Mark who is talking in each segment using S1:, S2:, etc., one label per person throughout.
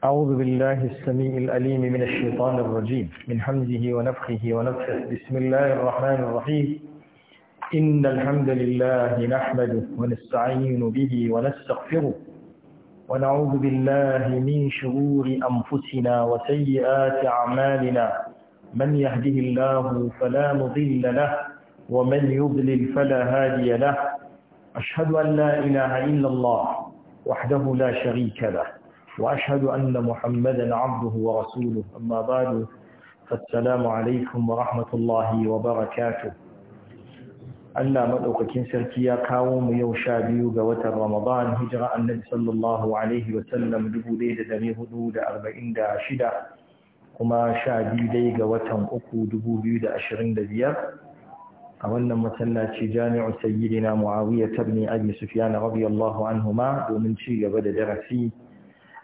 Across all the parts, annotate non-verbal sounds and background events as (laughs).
S1: أعوذ بالله السميع الأليم من الشيطان الرجيم من حمزه ونفخه ونفخه بسم الله الرحمن الرحيم إن الحمد لله نحمده ونستعين به ونستغفره ونعوذ بالله من شرور أنفسنا وسيئات أعمالنا من يهده الله فلا مضل له ومن يضلل فلا هادي له أشهد أن لا إله إلا الله وحده لا شريك له وأشهد أن محمدا عبده ورسوله أما بعد فالسلام عليكم ورحمة الله وبركاته Allah maɗaukakin sarki ya kawo mu yau sha biyu ga watan Ramadan hijira annabi sallallahu alaihi wa sallam shida, kuma sha biyu dai ga watan uku biyar. a wannan masallaci jami'u sayyidina Muawiya ibn Abi Sufyan radiyallahu anhuma domin ci gaba da darasi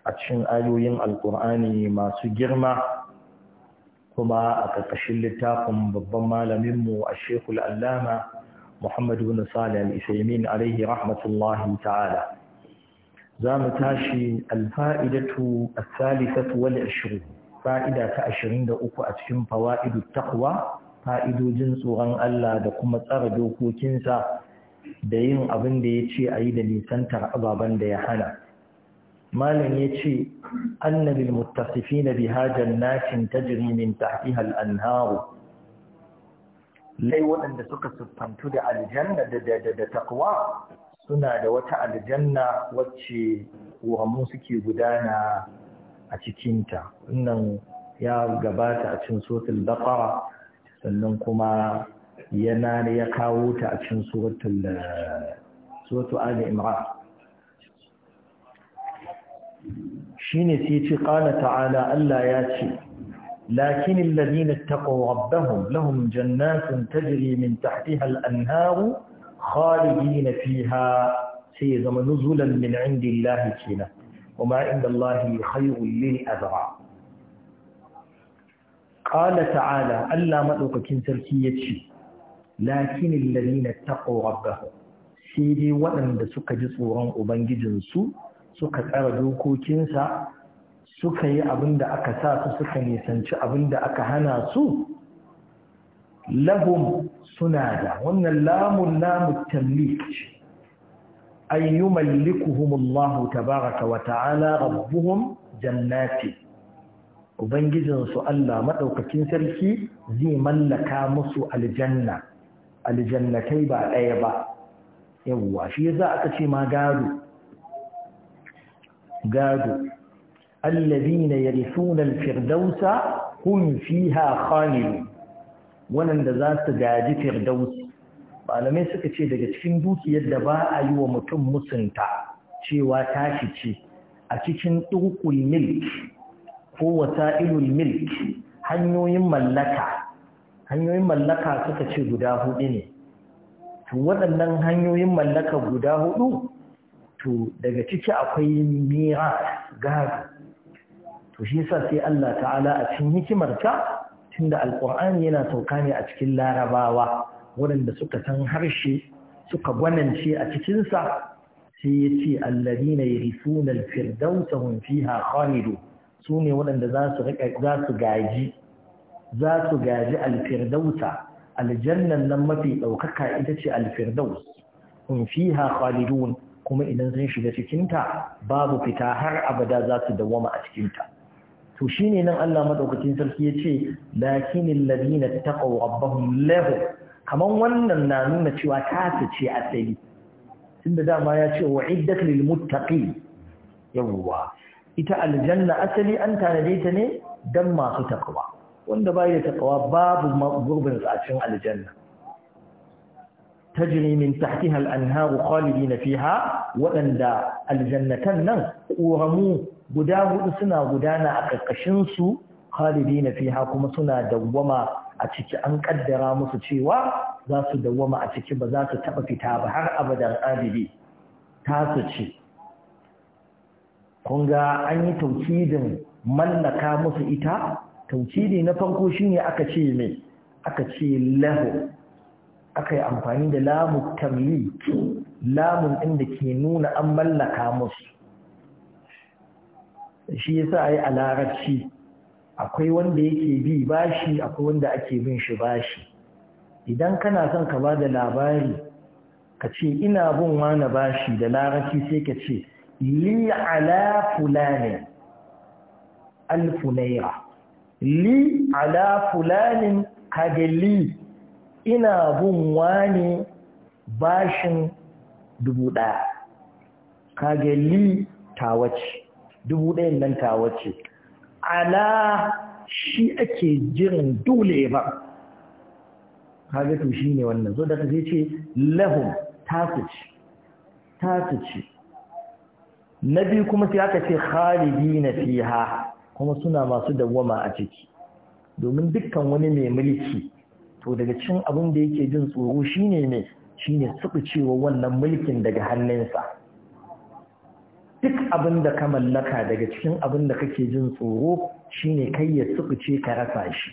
S1: a cikin ayoyin alkur'ani masu girma kuma a ƙarƙashin littafin babban malaminmu a shekul allama muhammadu bin salih al-isaimin alaihi rahmatullahi ta'ala za mu tashi alfa'idatu al-salisatu wal fa'ida ta ashirin da uku a cikin fawa'idu takwa fa'idojin tsoron Allah da kuma tsara dokokinsa da yin abin da ya ce a yi da nisantar ababen da ya hana malam ya ce annalil muttasifi na biha jannatin tajri min tahtiha anharu lai waɗanda suka siffantu da aljanna da takwa suna da wata aljanna wacce ƙoramu suke gudana a cikinta wannan ya gabata a cin sotul baqara sannan kuma yana ya kawo ta a cin sotul sotu ali imran shine sai ya ce qala ta'ala Allah ya ce lakin alladhina taqaw rabbahum lahum jannatin tajri min tahtiha al-anhar khalidina fiha sai zama nuzulan min indi Allah kina kuma inda Allah khayrun lil azra qala ta'ala Allah madaukakin sarki ya ce lakin alladhina taqaw rabbahum sai dai waɗanda suka ji tsoron ubangijinsu suka tsara dokokinsa suka yi abin da aka sa su suka nisanci abin da aka hana su lahum suna da wannan lamun namu tamlik an yi mallikuhumullahu tabaraka wa ta'ala rabbuhum jannati ubangijinsu Allah maɗaukakin sarki zai mallaka musu aljanna aljannatai ba ɗaya ba yawwa shi za a ce ma gado gado allazina yarisuna al-firdausa hum fiha khalidun da za su gaji firdaus malamai suka ce daga cikin dukiyar da ba a yi wa mutum musunta cewa tashi ce a cikin dukul milk ko wasa'ilul milk hanyoyin mallaka hanyoyin mallaka suka ce guda hudu ne to waɗannan hanyoyin mallaka guda hudu to daga ciki akwai mira gado to shi yasa sai Allah ta'ala a cikin hikimarta tunda alqur'ani yana sauka ne a cikin larabawa waɗanda suka san harshe suka gwanance a cikin sa sai yace alladina yarithuna alfirdausa hum fiha khalidu sune waɗanda za su rika za su gaji za su gaji alfirdausa aljannan nan mafi ɗaukaka ita ce alfirdaus hum fiha khalidun kuma idan sun shiga cikinta babu fita har abada za su dawama a cikinta to shine nan Allah madaukakin sarki ya yace lakinil ladina taqaw rabbahum lahu kaman wannan na nuna cewa ta ce asali tunda dama ya ce wa'iddat lil muttaqi yawwa ita aljanna asali an tanade ta ne dan masu taƙawa. wanda bai da taqwa babu gurbin a cikin aljanna tajri min tahtiha al-anharu khalidina fiha waɗanda aljannatan nan ƙoramu guda hudu suna gudana a ƙarƙashin su khalidina fiha kuma suna dawwama a ciki an ƙaddara musu cewa za su dawwama a ciki ba za su taɓa fita ba har abadan abidi ta su ce kun ga an yi taukidin mallaka musu ita taukidi na farko shine aka ce mai aka aka yi amfani da lamun tamli lamun ɗin da ke nuna an mallaka musu shi yasa sa yi a larabci akwai wanda yake bi bashi akwai wanda ake bin shi bashi idan kana son ka ba da labari ka ce ina bin wani bashi da larabci sai ka ce li ala fulani alfunaira li ala fulanin kagali ina bin wani bashin dubu ɗaya kage li tawace dubu ɗayan nan tawace ala shi ake jiran dole ba kage to shi ne wannan zo da zai ce lahum tasu ce na biyu kuma sai aka ce khalidi na fiha kuma suna masu dawwama a ciki domin dukkan wani mai mulki to daga cikin abin da yake jin tsoro shine ne shine cewa wannan mulkin daga hannunsa duk abin da ka mallaka daga cikin abin da kake jin tsoro shine kai ya ce ka rasa shi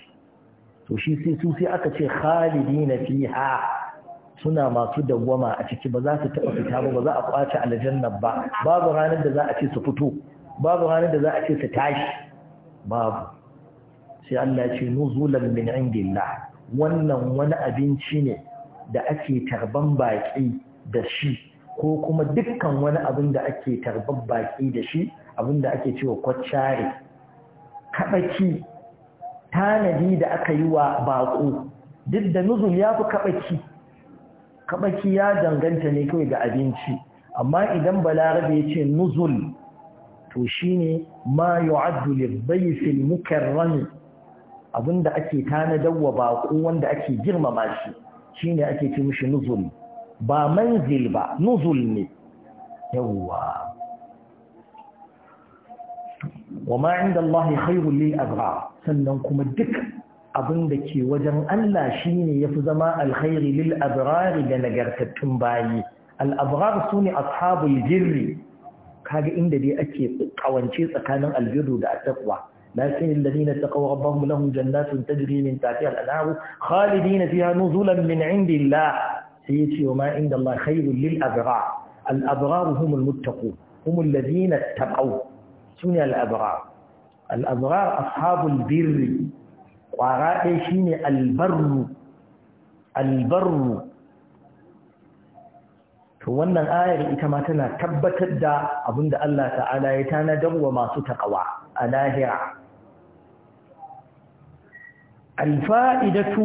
S1: to shi sai su sai aka ce khalidi na fiha suna masu dawwama a ciki ba za su taɓa fita ba ba za a kwace aljanna ba babu ranar da za a ce su fito babu ranar da za a ce su tashi babu sai Allah ce nuzulan min indillah wannan wani abinci ne da ake tarban baƙi da shi ko kuma dukkan wani abin da ake tarban baƙi da shi abin da ake cewa kwaccare kaɓaki tanadi da aka yi wa baƙo duk da nuzul ya fi kaɓaki kaɓaki ya danganta ne kawai ga abinci amma idan balarabe ya ce nuzul to shine ma yu'addu lidhayfi al-mukarrami abinda ake tanadar wa baƙo wanda ake girmama shi shine ake ce mishi nuzul ba manzil ba nuzul ne yawwa wa ma inda Allah khairu lil abrar sannan kuma duk abin da ke wajen Allah shine yafi zama alkhairi lil abrar da nagartattun bayi al abrar sune ashabul jirri kaga inda dai ake kawance tsakanin aljiru da attaqwa لكن الذين اتقوا ربهم لهم جنات تجري من تحتها الأنهار خالدين فيها نزلا من عند الله سيتي وما عند الله خير للأبرار الأبرار هم المتقون هم الذين اتقوا سنة الأبرار الأبرار أصحاب البر وعرائشين البر البر to wannan ayar ita ma tana tabbatar da abinda Allah ta'ala ya tanadar wa masu takawa a lahira الفائدة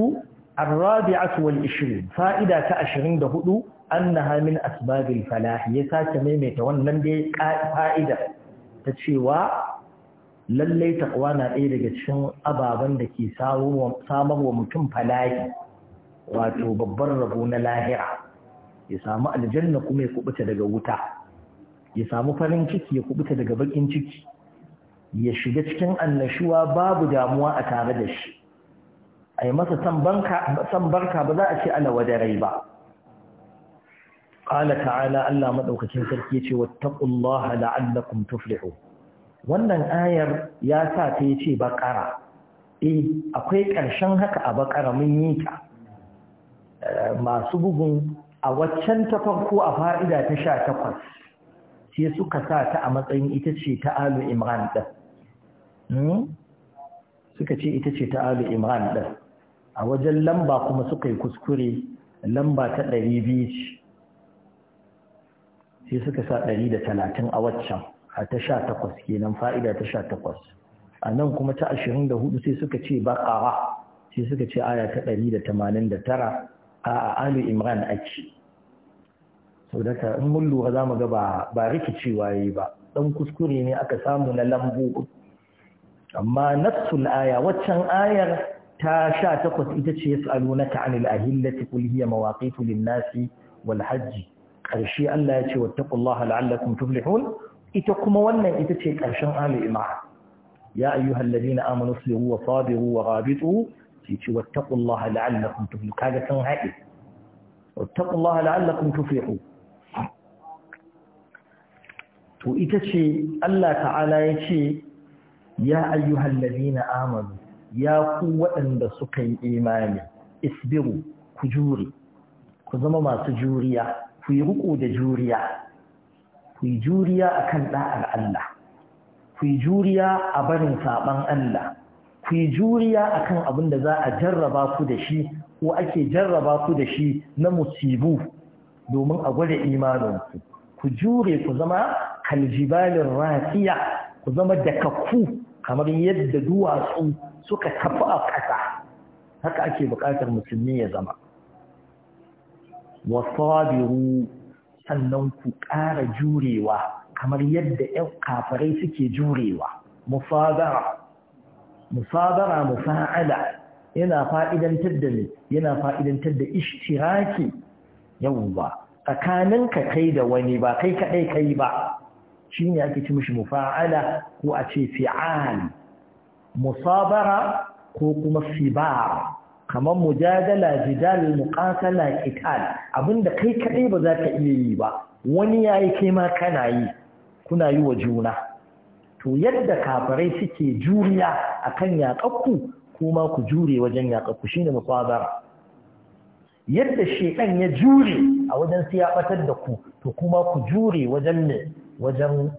S1: الرابعة والعشرين فائدة عشرين دهدو أنها من أسباب الفلاح يساك ميميت ونن دي فائدة تتشيوا للي تقوانا إيرجة شن أبابا دكي سامر mutum Falahi, wato babban rabo na lahira ya samu aljanna kuma ya kubuta daga wuta ya samu farin ciki ya kubuta daga baƙin ciki ya shiga cikin annashuwa babu damuwa a tare da shi a yi masa san barka ba za a ce ala wadarai ba ƙala ta'ala Allah maɗaukacin sarki ce wattaƙullaha la'allakum tuflihu wannan ayar ya sa ta yi ce baƙara E, akwai ƙarshen haka a baƙara mun yi ta eh, masu bugun a waccan ta farko a fa'ida ta sha takwas sai suka sa ta a matsayin ita ce ta alu imran ɗin hmm? suka ce ita ce ta alu imran ɗin a wajen lamba kuma suka yi kuskure lamba ta ɗari biyu ce sai suka sa ɗari da talatin a waccan a ta sha takwas kenan fa'ida ta sha takwas a nan kuma ta ashirin da hudu sai suka ce baƙawa sai suka ce aya ta ɗari da tamanin da tara a alu imran ake sau daga in mun lura za mu ga ba rikicewa yi ba ɗan kuskure ne aka samu na lambu amma nassul aya waccan ayar ta sha takwas ita ce ya yas'alunaka anil ahillati qul hiya mawaqitu lin-nasi wal hajj karshe Allah ya ce wattaqullaha la'allakum tuflihun ita kuma wannan ita ce karshen ali imran ya ayyuhalladhina amanu sabiru wa sabiru wa ghabitu ce wattaqullaha la'allakum tuflihun kaga san haɗe wattaqullaha la'allakum tuflihun to ita ce Allah ta'ala ya ce ya ayyuhalladhina amanu ya ku waɗanda suka yi imani isbiru ku jure ku zama masu juriya ku yi ruku da juriya ku yi juriya akan ɗa'ar Allah ku yi juriya a barin saɓan Allah ku yi juriya akan abin da za a jarraba ku da shi ko ake jarraba ku da shi na musibu domin a gwada imaninku ku jure ku zama kaljibalin rafiya ku zama dakakku kamar yadda duwatsu suka tafi a ƙasa haka ake buƙatar musulmi ya zama wasabiru sannan ku ƙara jurewa kamar yadda ƴan kafirai suke jurewa musabara musabara musa'ala yana fa'idantar da ne yana fa'idantar da ishtiraki yawwa tsakaninka kai da wani ba kai kaɗai kai ba ne ake ci mishi mufa'ala ko a ce fi'ali musabara ko kuma sibara kamar mujadala jidal muqatala qital abinda kai kadai ba za ka iya yi ba wani yayi kai ma kana yi kuna yi wa juna to yadda kafirai suke juriya akan yaƙakku kuma ku jure wajen yaƙakku shine musabara yadda shedan ya jure a wajen su ya batar da ku to kuma ku jure wajen ne wajen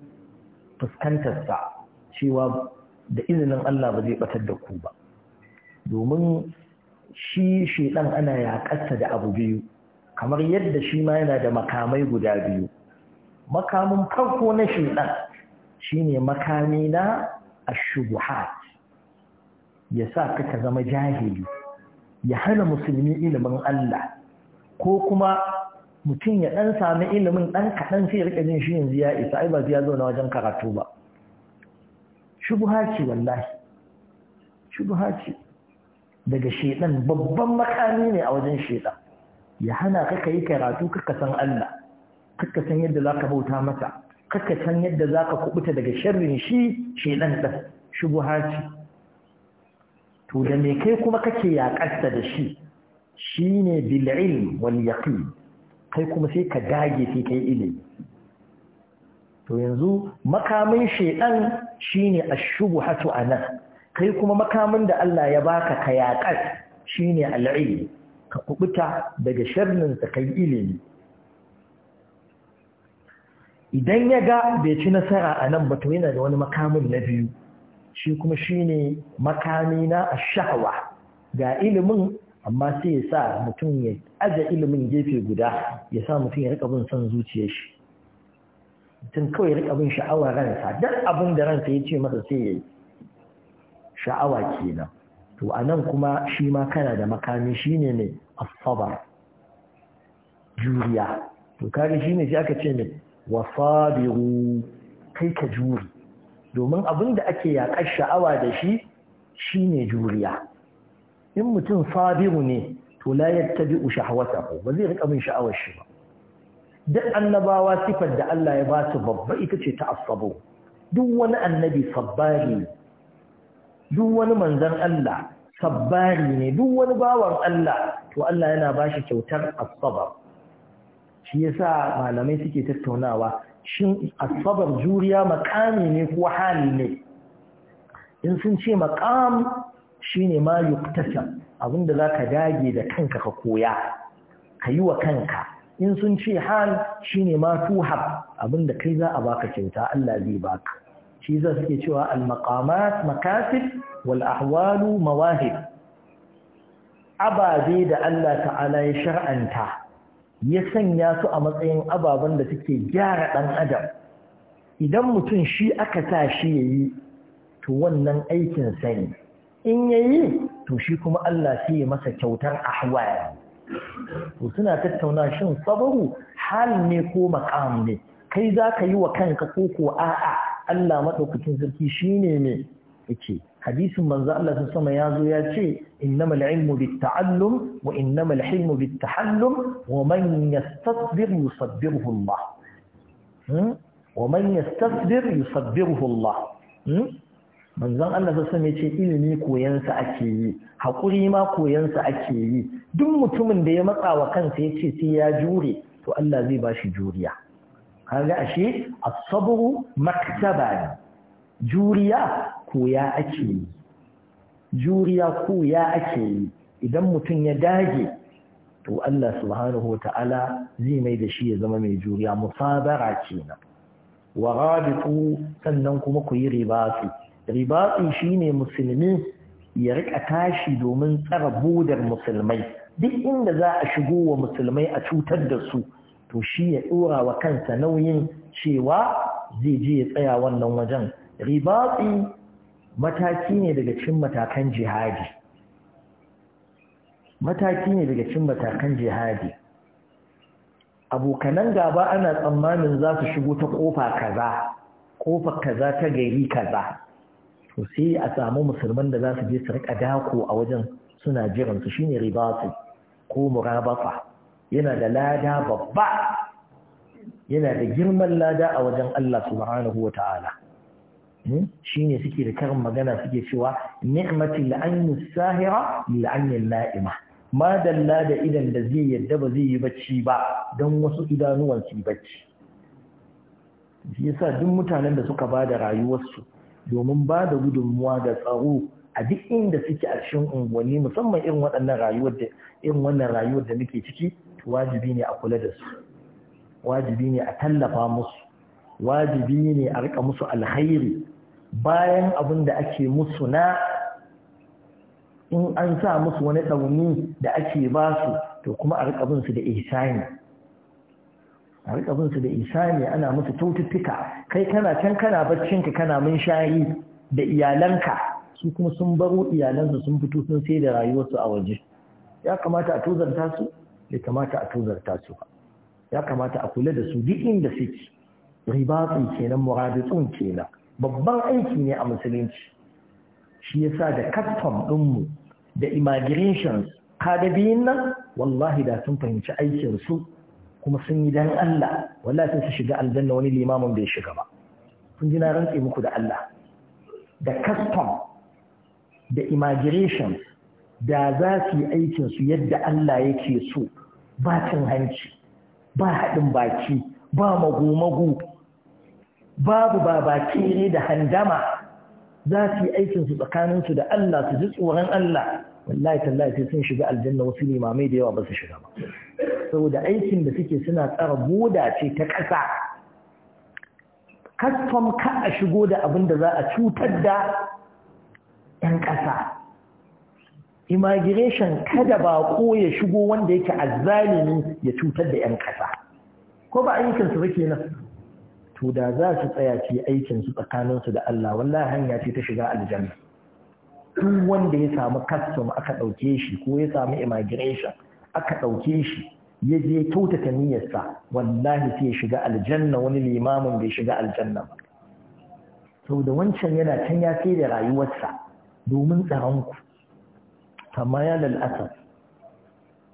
S1: fuskantar sa cewa da izinin Allah ba zai batar da ku ba domin shi shedan ana kasa da abu biyu kamar yadda shi ma yana da makamai guda biyu makamin farko na shedan shine makami na ashubuhat ya sa ka zama jahili ya hana musulmi ilimin Allah ko kuma mutum ya ɗan sami ilimin ɗan kaɗan sai rika jin shi yanzu ya isa ai ba zai zo na wajen karatu ba shubha ce wallahi shubha ce daga shedan babban makami ne a wajen shedan ya hana ka kai karatu kaka san Allah kaka san yadda zaka bauta masa kaka san yadda zaka kubuta daga sharrin shi shedan da shubha ce to da me kai kuma kake yakarta da shi shine bil ilm wal yaqin kai kuma sai ka dage sai kai ilimi to yanzu makamin shedan shine ash-shubhatu ana kai kuma makamin da Allah ya baka ka yaqa shine al-ilm ka kubuta daga sharrin sa kai ilimi idan ya ga bai ci nasara anan ba to yana da wani makamin na biyu shi kuma shine makami na ash-shahwa ga ilimin amma sai ya sa mutum ya aje ilimin gefe guda ya sa mutum ya rika bin son zuciyar shi Mutum kawai rika bin sha'awa ransa duk abin da ransa ya ce masa sai ya yi sha'awa kenan to a nan kuma shi ma kana da makami shi ne mai asabar juriya to kare shi ne sai aka ce mai wasabiru kai ka juri domin abin da ake yaƙar sha'awa da shi shi ne juriya in mutum sabiru ne to la yattabi'u shahawatahu ba zai rika bin sha'awar shi ba duk annabawa sifar da Allah ya ba su babba ita ce ta asabo duk wani annabi sabbari duk wani manzan Allah sabbari ne duk wani bawan Allah to Allah yana ba shi kyautar asabar shi yasa malamai suke tattaunawa shin asabar juriya makami ne ko hali ne in sun ce makam shine ma yuktasab abinda zaka dage da kanka ka koya kayi wa kanka in sun ce hal shine ma tuhab abinda kai za a baka kyauta Allah zai baka shi za suke cewa al-maqamat makasib wal ahwalu mawahib ababe da Allah ta'ala ya shar'anta ya sanya su a matsayin ababen da suke gyara dan adam idan mutum shi aka sa shi yayi to wannan aikin sani in yayi to shi kuma Allah sai ya masa kyautar ahwal to suna tattauna shin sabaru hal ne ko maqam ne kai za ka yi wa kanka ko ko a'a Allah madaukakin sarki shine ne yace hadisin manzo Allah ta sama ya zo ya ce innamal ilmu bitta'allum wa innamal hilmu bittahallum wa man yastasbir yusabbiruhu Allah hmm? wa man yastasbir yusabbiruhu Allah hmm? manzon Allah sassa ne ce ilimi koyansa ake yi haƙuri ma koyansa ake yi duk mutumin da ya matsa wa kansa ya ce sai ya jure to Allah zai ba shi juriya kaga ashe as-sabru maktaba juriya koya ake yi juriya koya ake yi idan mutum ya dage to Allah subhanahu wata'ala zai mai da shi ya zama mai juriya musabara kenan wa rabitu sannan kuma ku yi ribatu ribatsi ne musulmi ya riƙa tashi domin tsara budar musulmai duk inda za a shigo wa musulmai a cutar da su to shi ya ɗora wa kansa nauyin cewa zai je ya tsaya wannan wajen ribatsi mataki ne daga cin matakan jihadi mataki ne daga cin matakan jihadi abokanan gaba ana tsammanin za su shigo ta kofa kaza kofa kaza ta gari kaza to sai a samu musulman da za su je su rika dako a wajen suna jiran su shine ribatu ko murabafa. yana da lada babba yana da girman lada a wajen Allah subhanahu wataala hmm? shine suke da karin magana suke cewa ni'matil ayni sahira lil ayni na'ima ma dalla da idan da zai yadda ba zai yi bacci ba don wasu idanuwan su bacci shi yasa duk mutanen da suka ba da rayuwarsu domin ba da gudunmuwa da tsaro a duk inda suke a cikin unguwanni musamman irin waɗannan rayuwar da irin wannan rayuwar da muke ciki wajibi ne a kula da su wajibi ne a tallafa musu wajibi ne a rika musu alhairi bayan abin da ake musu na in an sa musu wani tsauni da ake ba su to kuma a rika bin su da ihsani a rika bin su da isani ana musu tututtuka kai kana can kana ka, kana mun shayi da iyalanka su kuma sun baro iyalansu sun fito sun sai da rayuwarsu a waje ya kamata a tuzarta su ya kamata a tuzarta su ya kamata a kula da su duk inda suke ribatsun kenan muraditsun kenan babban aiki ne a musulunci shi yasa da custom ɗinmu da immigrations biyun nan wallahi da sun fahimci aikinsu kuma sun yi dan Allah wallahi sun shiga aljanna wani limamin bai shiga ba kun ji na rantsi muku da Allah da custom da immigration da za su yi aikin su yadda Allah yake so ba cin hanci ba haɗin baki ba magu-magu babu ba ne da handama za su yi aikinsu tsakaninsu da Allah su ji tsoron Allah wallahi tallahi sai sun shiga aljanna wasu limamai da yawa ba su shiga ba saboda aikin da suke suna tsara boda ce ta ƙasa Kastom ka a shigo da abin da za a cutar da 'yan ƙasa immigration kada ba ko ya shigo wanda yake azalini ya cutar da 'yan ƙasa ko ba aikinsu ba nan? to da za su tsaya ci aikinsu tsakaninsu da Allah wallahi hanya ce ta shiga aljanna duk wanda ya samu custom aka ɗauke shi ko ya samu immigration aka ɗauke shi ya je kyautata niyyarsa wallahi sai ya shiga aljanna wani limamin bai shiga aljanna ba da wancan yana can ya sai da rayuwarsa domin tsaronku amma ya lalata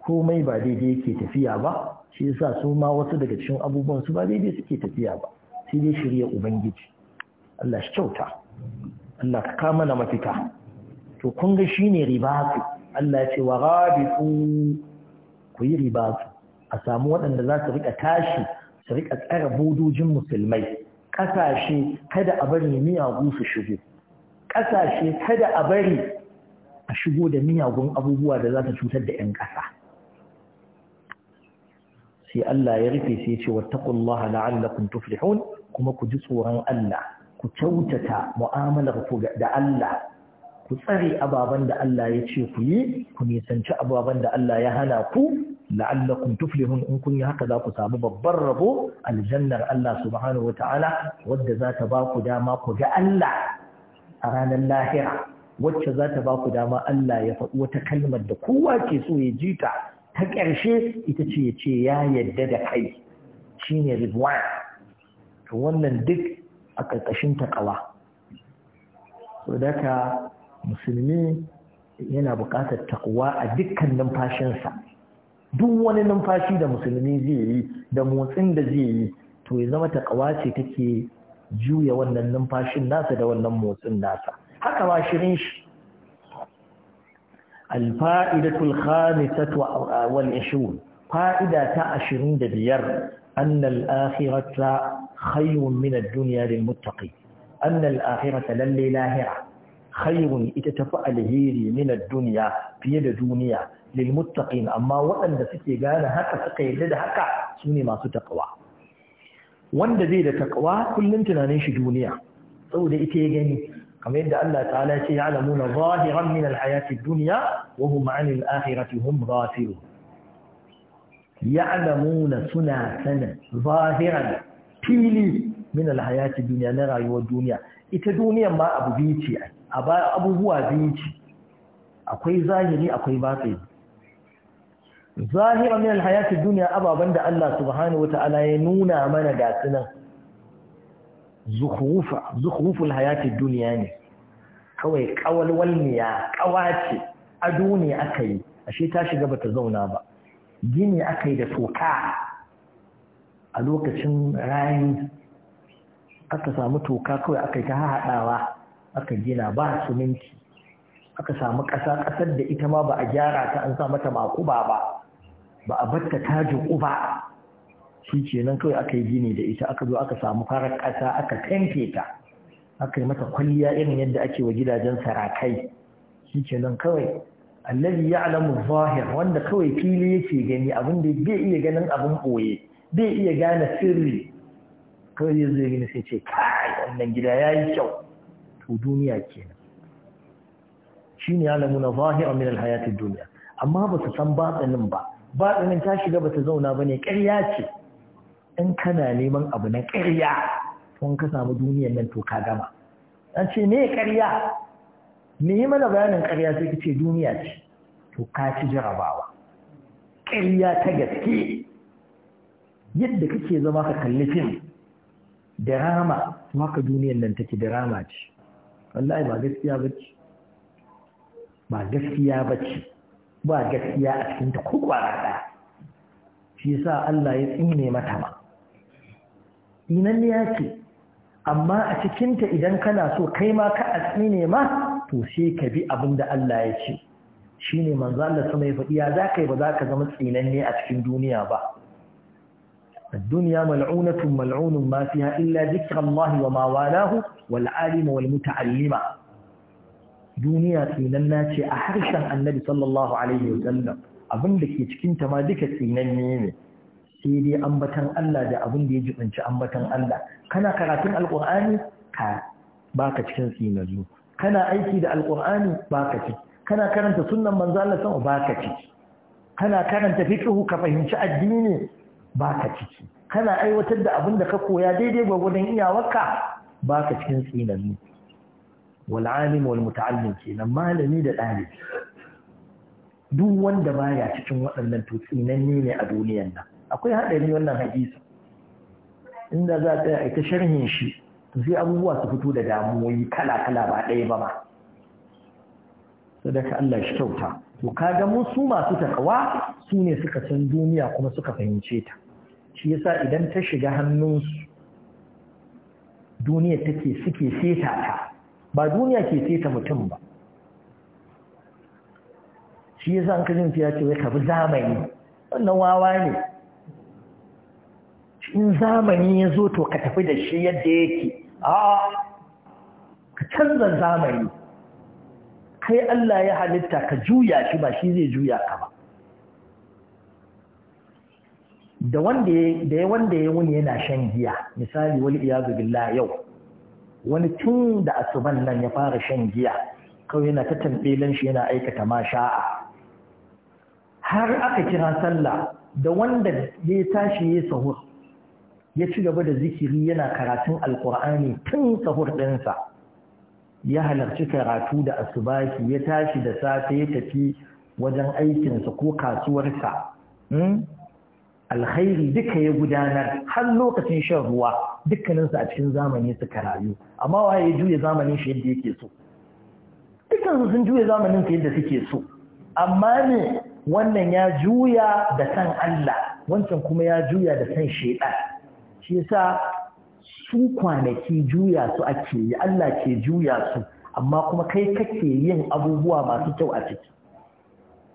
S1: komai ba daidai yake tafiya ba shi yasa su ma wasu daga cikin abubuwan su ba daidai suke tafiya ba sai dai shirya ubangiji Allah shi kyauta Allah ka kama na mafita to kun ga shine ribatu Allah ya ce wa rabitu ku yi ribatu a samu waɗanda za su riƙa tashi su riƙa tsara bodojin musulmai ƙasashe kada a bari miyagu su shigo ƙasashe kada a bari a shigo da miyagun abubuwa da za ta cutar da 'yan ƙasa sai Allah ya rufe sai ya ce wattaqullaha la'allakum tuflihun kuma ku ji tsoron Allah ku kyautata mu'amalar ku da Allah ku tsare ababen da Allah ya ce ku yi ku nisanci ababen da Allah ya hana ku la'allakum tuflihun in kun yi haka za ku samu babban rabo aljannar Allah subhanahu wata'ala wadda za ta ba ku dama ku ga Allah a ranar lahira wacce za ta ba ku dama Allah ya faɗi wata kalmar da kowa ke so ya ji ta ta ƙarshe ita ce ya ce ya yadda da kai shine ridwan to wannan duk a ƙarƙashin taƙawa so daga musulmi yana buƙatar takuwa a dukkan numfashinsa duk wani numfashi da musulmi zai yi da motsin da zai yi to ya zama taƙawa ce take juya wannan numfashin nasa da wannan motsin nasa haka ma shirin shi alfa'idatul khamisatu wal ishun fa'ida ta 25 annal akhirata khayrun min ad-dunya lil muttaqin annal akhirata lallai lahira khairun ita tafi alheri min ad-dunya fiye da duniya lil muttaqin amma waɗanda suke gane haka suka yarda da haka sune masu taqwa wanda zai da taqwa kullun tunanin shi duniya saboda ita ya gani kamar yadda Allah ta'ala ce ya'lamuna zahiran min al-hayati ad-dunya wa hum 'an al-akhirati hum ghafilun ya'lamuna suna sana zahiran fili min al-hayati ad-dunya na rayuwar duniya ita duniyar ma abu biyu ce a ba abubuwa biyu ce akwai zahiri akwai batsi zahira min alhayati duniya ababan da Allah subhanahu wata'ala ya nuna mana ga sunan zukhrufa duniya hayati dunya ne kawai kawalwalniya kawace ado ne akai ashe ta shiga bata zauna ba gini akai da toka a lokacin rani aka samu toka kawai akai ta haɗawa aka gina ba siminti aka samu ƙasa ƙasar da ita ma ba a gyara ta an sa mata makuba ba ba a batta tajin uba shi ce nan kawai aka yi gini da ita aka zo aka samu farar ƙasa aka kanke ta aka yi mata kwalliya irin yadda ake wa gidajen sarakai shi ce nan kawai ya alamu zahir wanda kawai fili yake gani abin da bai iya ganin abin boye bai iya gane sirri kawai zai gani sai ce kai wannan gida ya yi kyau to duniya kenan shine yalamuna zahira min alhayatid duniya, amma ba su san batsanin ba batsanin ta shiga ba ta zauna ne Karya ce in kana neman abu na karya, tun ka samu duniyar nan to ka gama an ce me ƙarya me yi mana bayanin karya sai ka ce duniya ce to ka ci jarabawa karya ta gaske yadda kake zama ka kalli fim Darama, maka duniyar nan take drama ce wallahi ba gaskiya bace ba gaskiya bace ba gaskiya a cikin ta ko kwara ɗaya shi yasa Allah ya tsine mata ba dinan ya ce amma a cikin ta idan kana so kai ma ka a tsine ma to sai ka bi abin da Allah ya ce shine manzo Allah sama ya faɗi ya zaka yi ba za ka zama tsinanne a cikin duniya ba الدنيا ملعونة ملعون ما فيها إلا ذكر الله وما والاه wal alima wal muta'allima duniya tsinanna ce a harshen annabi sallallahu alaihi wa wasallam abin da ke cikin ta ma duka tsinan ne sai dai ambatan Allah da abin da ya jibanci ambatan Allah kana karatun alqur'ani ka baka cikin tsinannu kana aiki da alqur'ani baka ci. kana karanta sunnan manzo Allah sama baka ci. kana karanta fiqh ka fahimci addini baka ciki kana aiwatar da abin da ka koya daidai gwagwadon iyawarka baka cikin tsinanni wal alim wal muta'allim kenan malami da ɗalibi duk wanda baya cikin waɗannan to tsinanni ne a duniyan nan akwai haɗari wannan hadisi inda za ta ita sharhin shi to sai abubuwa su fito da damuwoyi kala kala ba ɗaya ba ma sadaka Allah shi kyauta to kaga mu su masu takawa su ne suka san duniya kuma suka fahimce ta shi yasa idan ta shiga hannunsu duniya take suke seta ta ba duniya ke seta mutum ba shi yasa an kajin ya ce wai ka bi zamani wannan wawa ne in zamani ya zo to ka tafi da shi yadda yake a ka canza zamani kai Allah ya halitta ka juya shi ba shi zai juya ka ba da wanda ya wanda ya wuni yana shan giya misali wal iyazu billah yau wani tun da asuban nan ya fara shan giya kawai yana ta tambelan shi yana aikata ma sha'a har aka kira sallah da wanda ya tashi ya sahur ya ci gaba da zikiri yana karatun alkur'ani tun sahur ɗinsa ya halarci karatu da asubaki ya tashi da safe ya tafi wajen aikinsa ko kasuwarsa hmm? alkhairi duka ya gudanar har lokacin shan ruwa dukkaninsu a cikin zamani suka rayu amma waye ya juya zamanin shi yadda yake so dukkansu sun juya zamanin su yadda suke so amma ne wannan ya juya da san Allah wancan kuma ya juya da san shaidan shi yasa su kwanaki juya su ake yi Allah ke juya su amma kuma kai kake yin abubuwa masu kyau a ciki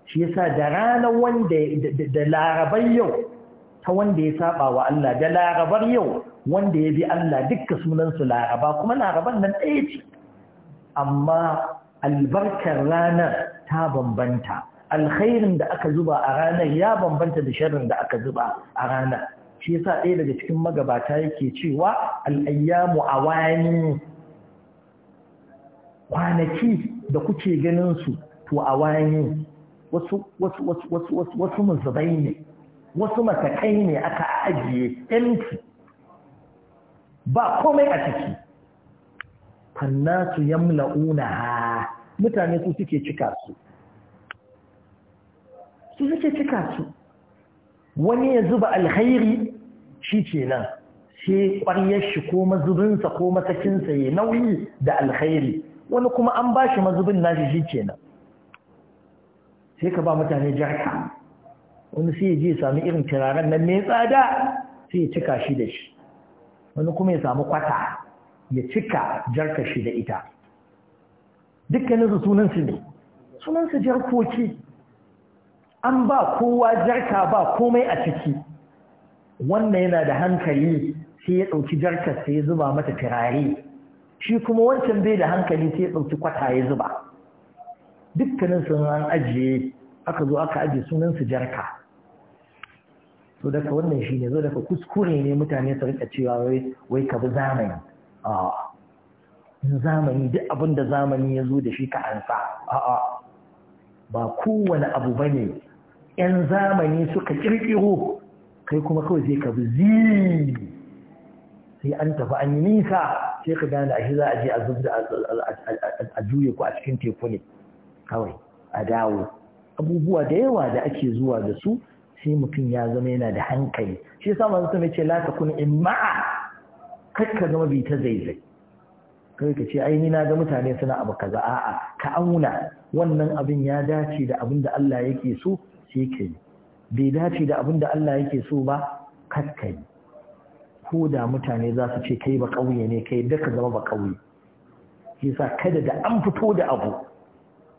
S1: shi yasa da ranar wanda da larabai yau ta wanda ya saba wa Allah da larabar yau wanda ya bi Allah dukkan sunansu laraba kuma larabar nan ɗaya ce amma albarkar ranar ta bambanta alkhairin da aka zuba a ranar ya bambanta da sharrin da aka zuba a ranar shi yasa ɗaya daga cikin magabata yake cewa al'ayyamu awani kwanaki da kuke ganin su to awani wasu wasu wasu wasu wasu ne wasu matakai ne aka ajiye empty ba komai a ciki fannasu yamla'una ha mutane su suke cika su su suke cika su wani ya zuba alkhairi shi nan sai ƙwaryar shi ko mazubinsa ko matakinsa ya nauyi da alkhairi wani kuma an ba shi mazubin nashi shi nan. sai ka ba mutane jarka wani sai je sami irin turaren nan mai tsada sai ya cika shi da shi wani kuma ya samu kwata ya cika jarka shi da ita dukkaninsu sunansu ne sunansu jarkoki an ba kowa jarka ba komai a ciki wannan yana da hankali sai ya ɗauki jarkar sai ya zuba mata turare shi kuma wancan bai da hankali sai ya ɗauki kwata ya zuba dukkaninsu an ajiye aka zo aka ajiye sunansu jarka so daga wannan shi ne zo daga kuskure ne mutane su rika cewa wai wai ka bi zamani a zamani duk abin da zamani ya zo da shi ka ansa a ba kowane abu bane yan zamani suka kirkiro kai kuma kawai sai ka bi zi sai an tafi an yi nisa sai ka gane a shi za a je a zubda a juye ku a cikin teku ne kawai a dawo abubuwa da yawa da ake zuwa da su sai mutum ya zama yana da hankali shi yasa manzo sami ce kuna in ma'a? kakka zama bi ta zaizai kai ka ce ai na ga mutane suna abu kaza a'a ka auna wannan abin ya dace da abin da Allah yake so sai ka yi bai dace da abin da Allah yake so ba kakka yi ko da mutane za su ce kai ba ƙauye ne kai da ka zama ba ƙauye shi sa kada da an fito da abu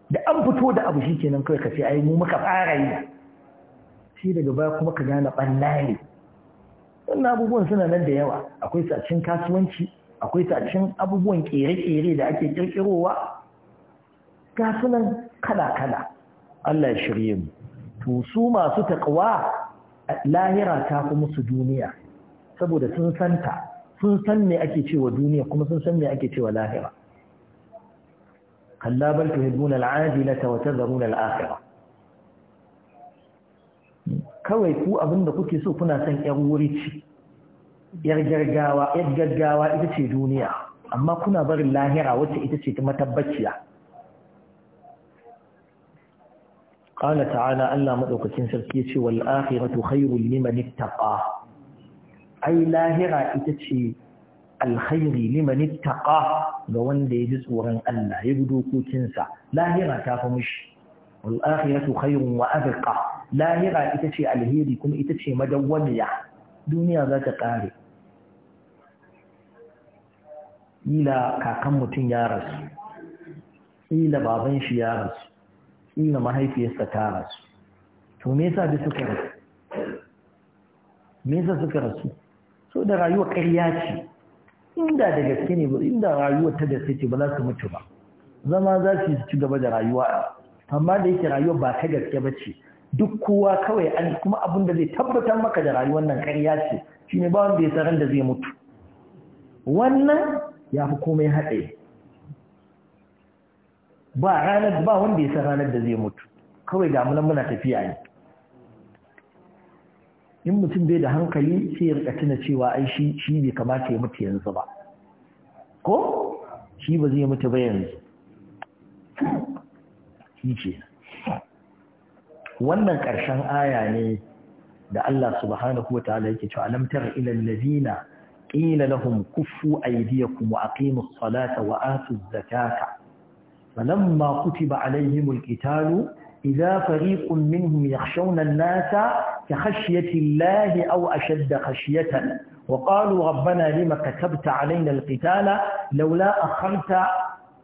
S1: da an fito da abu shikenan kai ka ce ai mu muka fara yi shi daga baya kuma ka gane ɓanna ne abubuwan suna nan da yawa akwai su a cikin kasuwanci akwai su a cikin abubuwan ƙere-ƙere da ake ƙirƙirowa ga sunan kala-kala Allah ya shirye mu to su masu taƙawa lahira ta fi musu duniya saboda sun santa sun san me ake cewa duniya kuma sun san me ake cewa lahira kalla bal tuhibbuna al ta wa tadharuna al-akhirah kawai ku abin da kuke so kuna son 'yar wuri ci, ‘yar gargawa, ‘yar gaggawa ita ce duniya, amma kuna barin lahira wacce ita ce ta matabbaciya. Ƙala ta'ala Allah Madaukakin sarki ya ce wal akhiratu khairul liman ittaqa ai lahira ita ce alkhairi liman ittaqa ga wanda ya ji tsoron Allah ya bi dokokinsa lahira ta fi mushi wal akhiratu khairun wa abqa lahira ita ce alheri kuma ita ce madawwamiya duniya za ta ƙare ila kakan mutum ya rasu ila baban shi ya rasu ila mahaifiyarsa ta rasu to me yasa da suka rasu me yasa suka rasu so da rayuwa ƙarya ce inda da gaske ne inda rayuwa ta gaske ce ba za su mutu ba zama za su ci gaba da rayuwa amma da yake rayuwa ba ta gaske ba ce duk kowa kawai an kuma abin da zai tabbatar maka da rayuwar nan ƙarya ce shi ne ba wanda ya tsaron da zai mutu wannan ya fi komai haɗe ba ranar ba wanda ya san ranar da zai mutu kawai damunan muna tafiya ne in mutum bai da hankali sai ya rika tuna cewa ai shi shi bai kamata ya mutu yanzu ba ko shi ba zai mutu ba yanzu shi ce wannan ƙarshen aya ne da Allah subhanahu wa ta'ala yake cewa alam tara ila allazina qila lahum kuffu aydiyakum wa aqimus salata wa atuz zakata falamma kutiba alaihimul qitalu idza fariqun minhum yakhshawna nasa ka khashyatillahi aw ashadda khashyatan wa qalu rabbana lima katabta alaina al-qitala lawla akhamta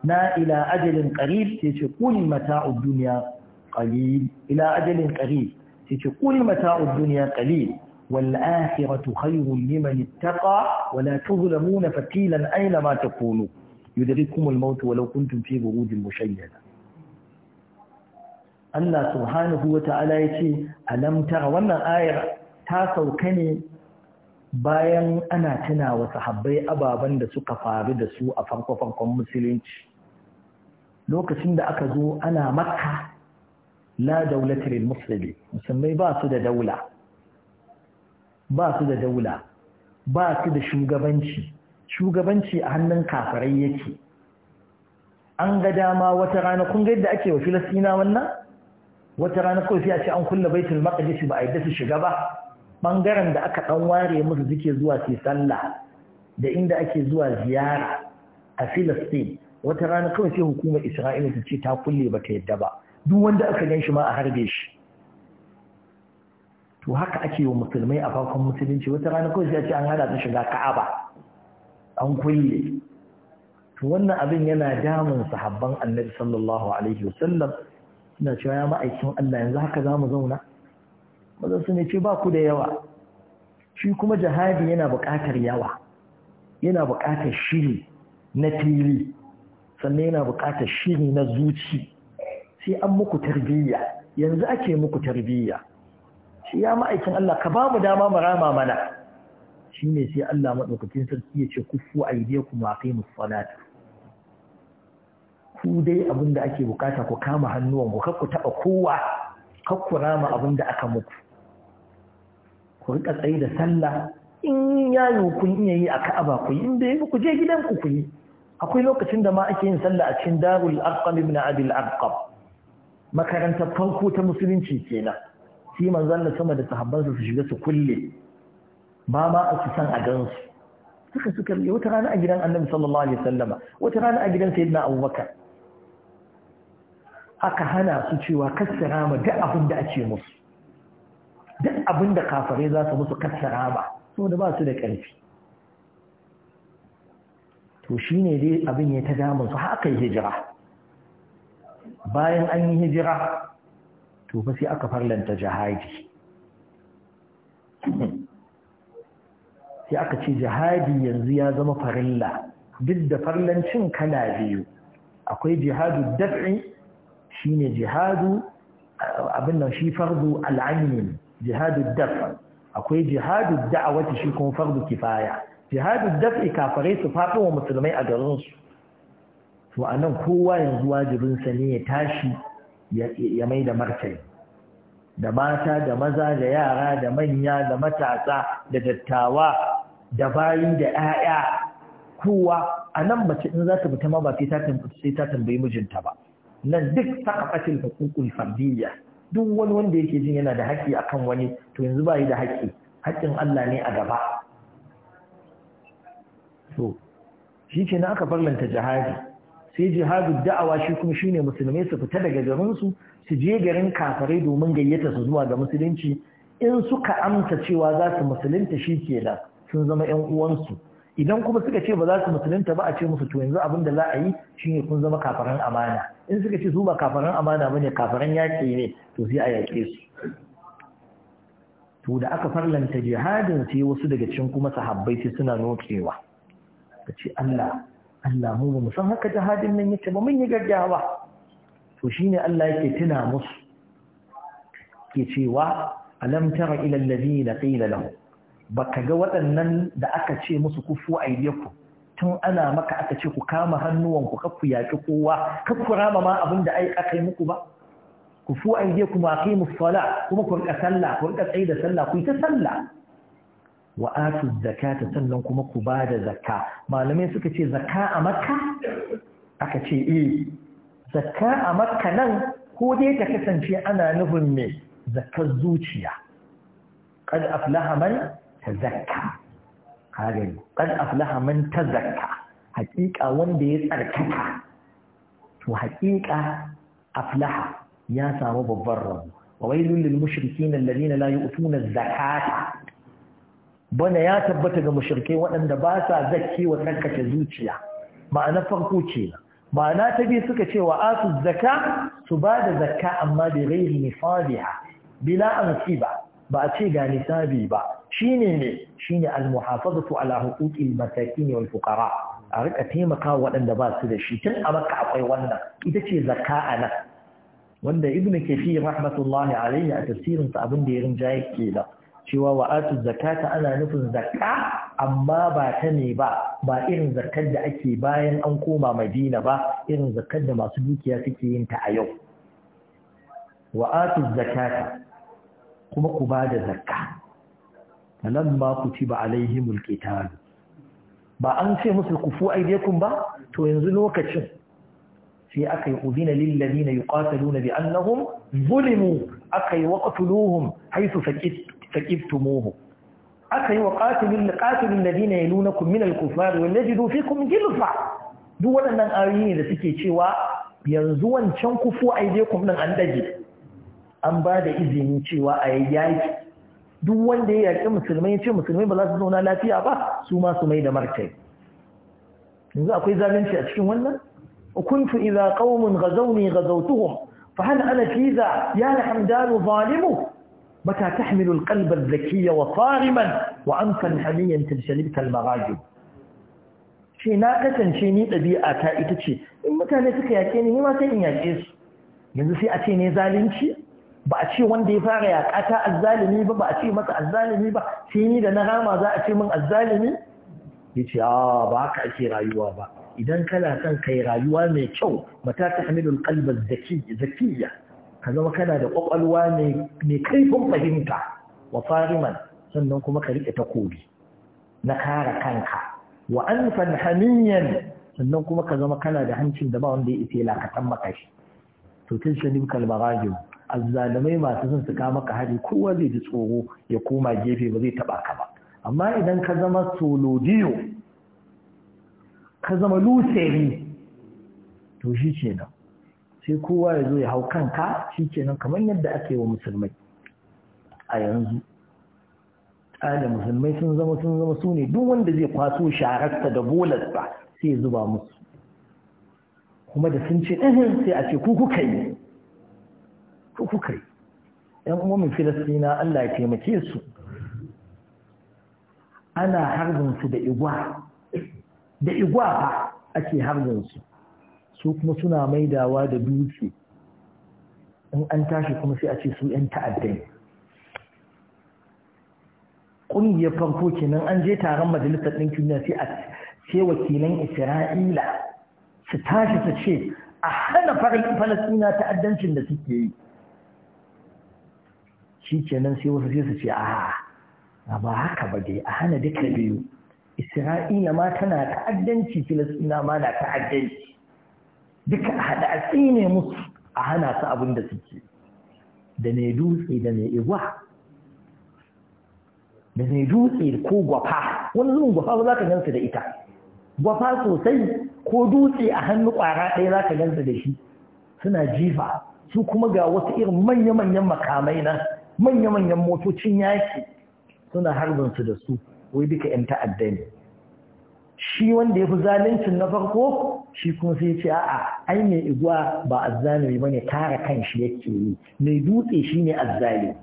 S1: na ila ajalin qarib sai ce kun mata'u dunya qalil ila ajalin qarib sai ce qul mata'ud dunya qalil wal akhiratu khayrun liman ittaqa wa la tuzlamuna fatilan aina ma takunu yudrikumul maut walau kuntum fi burujin mushayyada Allah subhanahu wa ta'ala yace, a Alam wannan ayar ta sauka ne bayan ana tuna wa sahabbai ababen da suka faru da su a farko-farkon musulunci. Lokacin da aka zo ana makka la daulatar musulmi musulmai ba su da daula ba su da shugabanci shugabanci a hannun kafarai yake an ga dama wata rana kun yadda ake wa filastina wannan wata rana kawai sai a ce an kulle baitul maqdis ba a yadda su shiga ba bangaren da aka ɗan ware musu suke zuwa su sallah da inda ake zuwa ziyara a filastin wata rana kawai sai hukumar isra'ila ta ce ta kulle ba ta yadda ba duk wanda aka gan shi ma a harbe shi to haka ake yi wa musulmai a farkon musulunci wata rana kawai sai ce an hana su shiga ka'aba an kulle to wannan abin yana damun sahabban annabi sallallahu alaihi wasallam suna cewa ya ma'aikin Allah yanzu haka za mu zauna maza su ne ce ba ku da yawa shi kuma jihadi yana buƙatar yawa yana buƙatar shiri na fili sannan yana buƙatar shiri na zuci sai an muku tarbiyya yanzu ake muku tarbiyya shi ya ma'aikin Allah ka ba mu dama mu rama mana shi ne sai Allah maɗaukakin sarki ya ce kufu a yi ku ma maƙi musalata ku dai abin da ake bukata ku kama hannuwan ku kakku taɓa kowa kakku rama abin da aka muku ku rika tsaye da sallah in yi kun iya yi a ka'aba ku yi in bai ku je ku ku yi akwai lokacin da ma ake yin sallah a cikin darul arqam ibn abil arqam makarantar farko ta musulunci kenan shi manzon da sama da sahabbansa su shiga su kulle ba ma a su san a gansu suka suka yi wata rana a gidan annabi sallallahu alaihi wasallama wata rana a gidan sayyidina abubakar aka hana su cewa kassara ma duk abin da ake musu duk abin da kafare za su musu kassara ba saboda ba su da ƙarfi to shine dai abin ya ta damun su haka hijira bayan an yi hijira to fa sai aka farlanta jihadi sai aka ce jihadi yanzu ya zama farilla duk da farlancin kana biyu akwai jihadu daf'i shine jihadu abin nan shi fardu al'ayni jihadu daf' akwai jihadu da'awati shi kuma fardu kifaya jihadu daf'i kafare su faɗo musulmai a garin su to a nan kowa yanzu wajibinsa ne ya tashi ya mai da martani da mata da maza da yara da manya da matasa da dattawa da bayi da 'ya'ya kowa a nan mace in za ta fita ma ba sai ta tambayi mijinta ba nan duk sakafatil hukukul fardiyya duk wani wanda yake jin yana da haƙƙi akan wani to yanzu ba yi da haƙƙi haƙƙin Allah ne a gaba to shi ke na aka farlanta jihadi sai jihadu da'awa shi kuma shi ne musulmai su fita daga garinsu su je garin kafare domin gayyata su zuwa ga musulunci in suka amsa cewa za su musulunta shi ke da sun zama yan uwansu idan kuma suka ce ba za su musulunta ba a ce musu to yanzu abin da za a yi shi ne kun zama kafaran amana in suka ce su ba kafaran amana bane kafaran yaƙi ne to sai a yaƙe su to da aka farlanta jihadin sai wasu daga cikin kuma sahabbai sai suna nokewa kace Allah Allah mu ba mu san haka jihadin nan yake ba mun yi gaggawa to shine Allah yake tuna musu ke cewa alam tara ila alladhina qila lahum baka ga waɗannan da aka ce musu kufu aydiyakum tun ana maka aka ce ku kama hannuwanku kakku yaƙi kowa kakku rama ma abin da aka yi muku ba ku fu aidiyakum aqimus sala kuma ku rika sallah ku rika tsayi da sallah ku yi ta sallah wa atu zakata sannan kuma ku ba da zakka malamai suka ce zakka a makka aka ce eh zakka a makka nan ko dai ta kasance ana nufin me zakkar zuciya kad aflaha man tazakka kare kad aflaha man tazakka hakika wanda ya tsarkaka to hakika aflaha ya samu babban rabo wa wailul lil mushrikin alladhina la yu'tuna az-zakata bana ya tabbata ga mushrikai waɗanda ba sa zakki wa tsarkake zuciya ma'ana farko ce ma'ana ta biyu suka ce wa asu zakka su ba da zakka amma bi ghairi nisabiha bila ansiba ba ba a ce ga nisabi ba shine ne shine al-muhafazatu ala huquqil masakin wal fuqara a rika taimaka waɗanda ba su da shi tun a akwai wannan ita ce zakka a nan wanda ibnu kafi rahmatullahi alayhi a tafsirin sa abin da ya rinjaye kenan cewa wa zakata ana nufin zakka amma ba ta ne ba ba irin zakkar da ake bayan an koma madina ba irin zakkar da masu dukiya suke yin ta a yau wa zakata kuma ku ba da zakka nan ba ku ci ba an ce musu kufu aidiyakum ba to yanzu lokacin sai aka yi udina lillazina yuqataluna bi annahum zulimu aka yi waqtuluhum haythu saqitu faqiftumuhu aka yi wa qatilul qatilul ladina yalunakum minal kufari wal yajidu fikum jilfa duk waɗannan ayoyi ne da suke cewa yanzu wancan kufu aidekum nan an daje an ba da izini cewa a yaki duk wanda ya yaki musulmai ya ce musulmai ba za su zauna lafiya ba su ma su mai da martai yanzu akwai zalunci a cikin wannan kuntu idza qaumun ghazawni ghazawtuhum fa hal ana fiza ya hamdanu zalimu متى تحمل القلب الذكي وصارما وأنفا حميا تجتنبك المغاجب shi na kasance ni ɗabi'a ta ita ce in mutane suka yake ni ma in yake su yanzu sai a ce ne zalunci ba a ce wanda ya fara yaƙa ta azzalimi ba ba a ce masa azzalimi ba sai ni da na rama za a ce min azzalimi ya ce a ba haka ake rayuwa ba idan kana son kai rayuwa mai kyau mata ta hamilul kalbar zakiyya ka zama kana da ƙwaƙwalwa mai kaifin fahimta wa fariman sannan kuma ka riƙe takobi na kare kanka wa an fanhamiyan sannan kuma ka zama kana da hancin da ba wanda ya isa lakatan maka shi to tun shanim kalmarajin azzalamai masu zan su kama ka hari kowa zai ji tsoro ya koma gefe ba zai taɓa ka ba amma idan ka zama solodiyo ka zama luseri to shi kenan sai kowa ya zo ya hau kanka shi kenan kamar yadda ake wa musulmai a yanzu tsarin musulmai sun zama sun zama su ne duk wanda zai kwaso shararsa da bolarsa sai zuba musu kuma da sun ce ɗin sai a ce ku kuka yi kuka yi Allah ya taimake su ana harbinsu da igwa da igwa ba ake harbinsu su kuma suna maidawa da dutse in an tashi kuma sai a ce su 'yan ta'addai ƙungiyar farko kenan an je taron majalisar ɗinkin duniya sai a ce wakilan isra'ila su tashi su ce a hana falasina ta'addancin da suke yi shi kenan sai wasu sai su ce a ba haka ba dai a hana duka biyu isra'ila ma tana ta'addanci filistina ma na ta'addanci duka a haɗa a tsine musu a hana su abin da suke da mai dutse da mai igwa da mai dutse ko gwafa wani zuwan gwafa ba za ka gansu da ita gwafa sosai ko dutse a hannu ƙwara ɗaya za ka gansu da shi suna jifa su kuma ga wasu irin manya-manyan makamai na manya-manyan motocin yaki suna harbinsu da su wai duka 'yan ta'adda ne shi wanda ya fi zaluncin na farko shi kuma sai ce a'a ai mai iguwa ba ba bane kare kan shi yake yi mai dutse shi ne azzali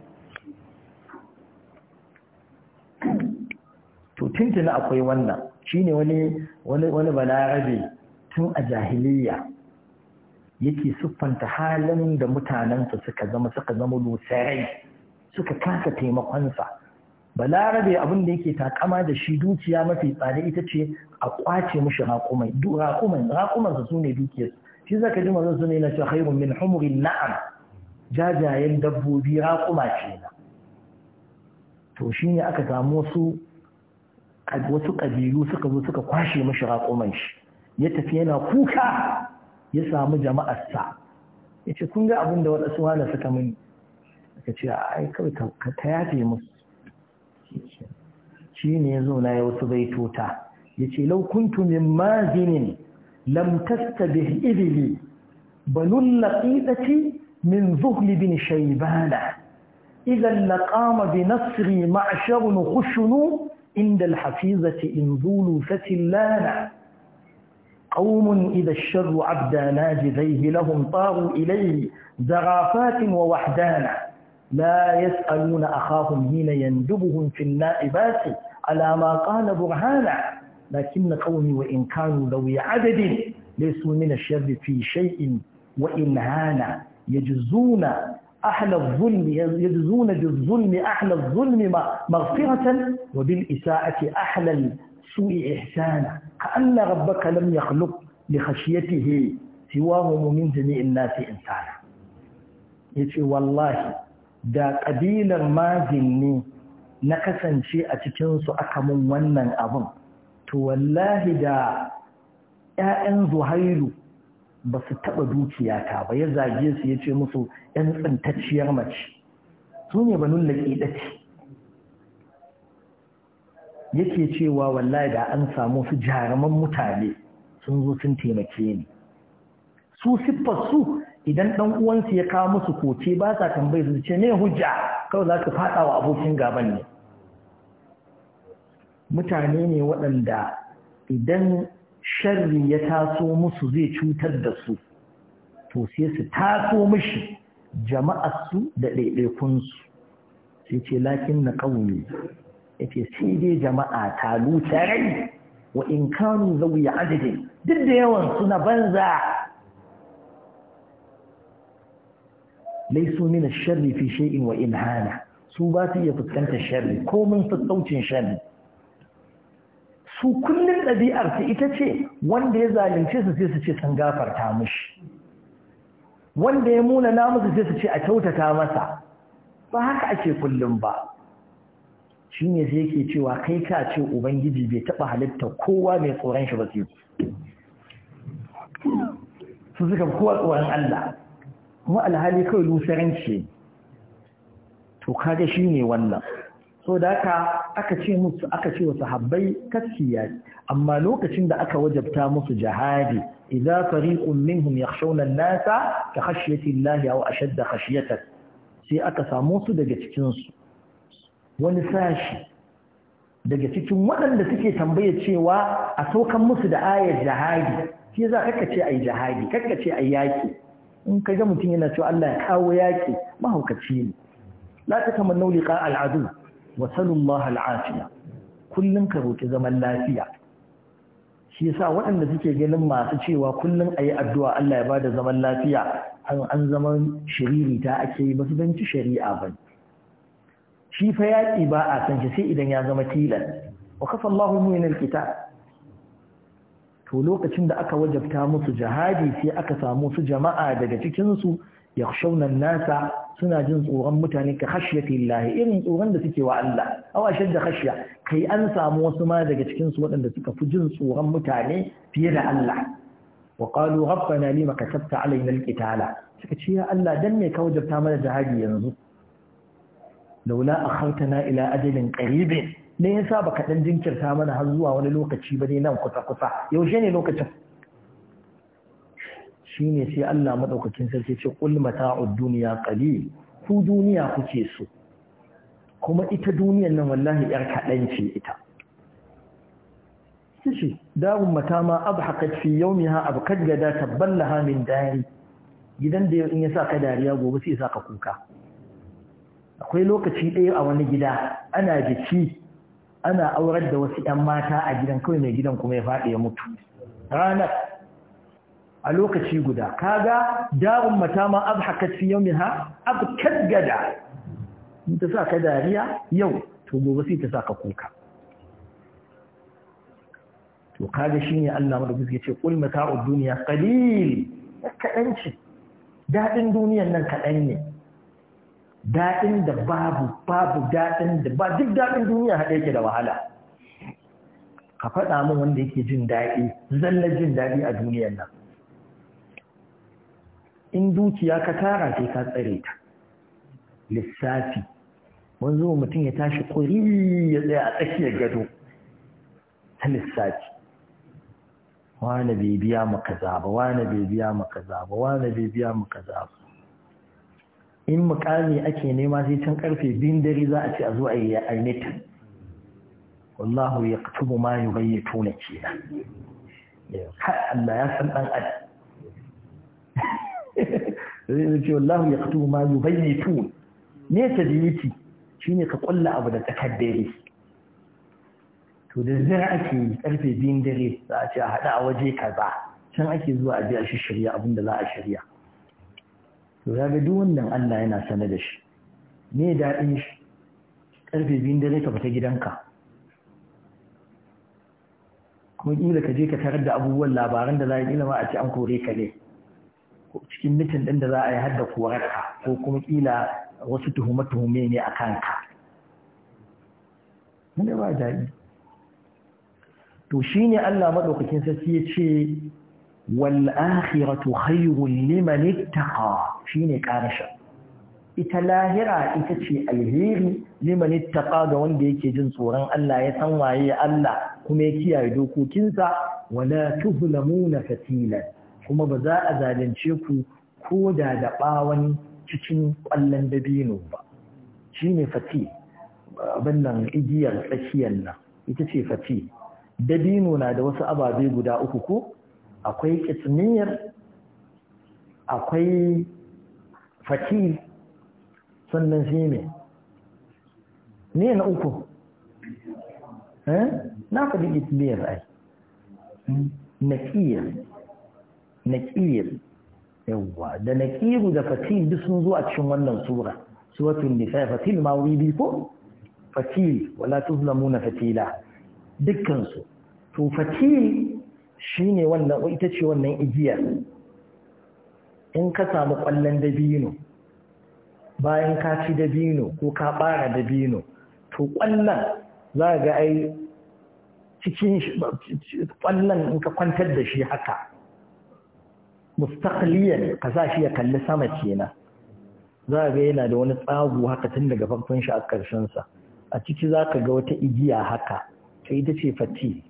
S1: to tuntuna akwai wannan shi ne wani wani balarabe tun a jahiliya yake siffanta halin da mutanensa suka zama suka zama lusarai suka kasa taimakonsa balarabe abin da yake takama da shi dukiya mafi tsada ita ce a kwace mushi raƙumai Raƙumai, raƙumansa su ne dukiyar shi zaka ji mazan su ne na cewa hairun min humurin na'am jajayen dabbobi raƙuma ce na to shi ne aka samu wasu wasu ƙabilu suka zo suka kwashe mushi raƙuman shi ya tafi yana kuka ya samu jama'arsa ya ce kun ga abin da waɗansu wala suka mini Ka ce ai kawai ka yafe musu shi ne ya zo na ya wasu baitota ya ce laukuntu min mazinin lam tastabih idili balun laqidati min zuhli bin shaybana idan laqama bi nasri ma'sharun khushunu inda alhafizati in zulu fatillana قوم إذا الشر عبدا ناجذيه لهم طاروا إليه زرافات ووحدانا لا يسألون أخاهم حين يندبهم في النائبات على ما قال برهانا لكن قومي وإن كانوا ذوي عدد ليسوا من الشر في شيء وإن هانا يجزون أحلى الظلم يجزون بالظلم أحلى الظلم مغفرة وبالإساءة أحلى السوء إحسانا كأن ربك لم يخلق لخشيته سواهم من جميع الناس إنسانا يقول والله da ƙabilar majin ne na kasance a cikinsu aka mun wannan abin to wallahi da ‘ya'yan zuhairu ba su taɓa dukiyata ba ya zage su ya ce musu ‘yan tsintacciyar mace su ne ba nuna ƙiɗaci yake cewa wallahi da an samu su jaruman mutane sun zo sun taimake ni su siffar su idan ɗan uwansu ya kawo musu koce ba sa tambayi su ce ne hujja kawai za su fada wa abokin gaban ne mutane ne waɗanda idan sharri ya taso musu zai cutar da su to sai su taso mishi jama'arsu da ɗaiɗaikunsu sai ce lakin na ƙauni ya ce sai dai jama'a ta lutarai wa in kanu zauya adadin duk da yawan suna banza laisu min sharri fi shay'in wa in hana su ba su iya fuskantar sharri ko mun sassaucin sharri su kullum ɗabi'ar su ita ce wanda ya zalunce su sai su ce sun gafarta mushi wanda ya muna namusu sai su ce a kyautata masa ba haka ake kullum ba shi ne sai yake cewa kai ka ce ubangiji bai taɓa halitta kowa mai tsoron shi ba su su suka kowa tsoron Allah kuma alhali kawai lusaranci to kaga shi ne wannan so da haka aka ce musu aka ce wa sahabbai kaskiya amma lokacin da aka wajabta musu jihadi idza fariqun minhum yakhshawna an-nasa ka khashyati Allah aw ashadd khashyatan sai aka samu su daga cikin su wani sashi daga cikin waɗanda suke tambaya cewa a saukan musu da ayar jihadi sai za ka ce ai jihadi kaka ce ai yaki in ka ga mutum yana cewa Allah ya kawo yaƙi mahaukaci ne la ta kama nauli ka al'adu wa salun ma al'afiya kullum ka roƙi zaman lafiya shi yasa waɗanda suke ganin masu cewa kullum a yi addu'a Allah ya bada zaman lafiya an an zaman shiriri ta ake yi ba su shari'a ba shi fa yaƙi ba a san shi sai idan ya zama tilas wa kafa Allahu min al-kitab to lokacin da aka wajabta musu jihadi sai aka samu su jama'a daga cikinsu ya shaunan nasa suna jin tsoron mutane ka khashyati Allah irin tsoron da suke wa Allah awa shadda khashya kai an samu wasu ma daga cikinsu waɗanda suka fi jin tsoron mutane fiye da Allah wa qalu rabbana lima katabta alaina alqitala suka ce ya Allah dan me ka wajabta mana jihadi yanzu laula akhartana ila ajalin qaribin me yasa baka kaɗan jinkirta mana har zuwa wani lokaci ba ne nan kusa kusa yaushe ne lokacin ne sai Allah maɗaukakin sarki ce qul mata'ud dunya qalil ku duniya kuke so kuma ita duniyan nan wallahi yar kadan ce ita kishi dawun mata ma abhaqat fi yawmiha abqad gada taballaha min dari gidan da in ya sa ka dariya gobe sai ya sa ka kuka akwai lokaci ɗaya a wani gida ana jiki ana aurar da wasu ‘yan mata a gidan kawai mai gidan kuma ya faɗi ya mutu ranar a lokaci guda kaga darun mata ma abhakat fi min abkat gada in ta ka dariya yau to gobe sai ta ka kuka to kaga ne Allah madaukaki yace qul mata'ud dunya qalil kaɗanci. Daɗin duniyar nan kaɗai ne daɗin da babu babu daɗin da ba duk daɗin duniya haɗe yake da wahala ka faɗa min wanda yake jin daɗi zalla jin daɗi a duniyar nan in dukiya ka tara sai ka tsare ta lissafi wanzu mutum ya tashi kuri ya tsaya a tsakiyar gado ta lissafi wane bai biya maka zaba wane bai biya maka zaba wane bai biya maka zaba in mukami ake nema sai can karfe biyun dare za a ce a zo a yi mita wallahu ya kutubu ma yi bayi tuna ce na Allah ya san ɗan adam (laughs) zai ce wallahu ya kutubu ma yi bayi tuna ne ta dimiti shi ne ka ƙulla abu da tsakar dare to da zira ake yi karfe biyun dare za a ce a haɗa a waje kaza can ake zuwa a biya a shi shirya abin da za a shirya to ya ga duk wannan Allah yana sane da shi me daɗin shi ƙarfe biyun dare ka fita gidanka kuma ƙila ka je ka tarar da abubuwan labaran da za a yi ma a ci an kore ka ne cikin mitin ɗin da za a yi har da korarka ko kuma ƙila wasu tuhume-tuhume ne a kanka wanda ba daɗi to shi ne Allah maɗaukakin sarki ya ce wal'akhiratu khayrun liman ittaqa Shi ne karasha ita lahira ita ce alheri liman ittaqa ga wanda yake jin tsoron Allah ya san waye Allah kuma ya kiyaye dokokinsa wala tuhlamuna fatila kuma ba za a zalunce ku ko da da bawon cikin kwallon dabino ba shine fati abin nan igiyar tsakiyar nan ita ce Fati. dabino na da wasu ababe guda uku ko akwai kitmir akwai fakil sannan shi ne ne na uku eh? na faɗi itliyar ai naƙiyar naƙiyar yawwa da naƙiru da fatil duk sun zuwa cikin wannan sura suratun nisa fatil ma wuri ko fatil wala muna fatila dukkansu to shi ne wannan ita ce wannan igiyar in ka samu ƙwallon dabino bayan ka ci dabino ko ka ɓara dabino to ƙwallon za ga ai cikin ƙwallon in ka kwantar da shi haka mustaqliyan ka sa shi ya kalli sama kenan za ga yana da wani tsagu haka tun daga farkon shi a ƙarshen sa a ciki za ka ga wata igiya haka yi ita ce fati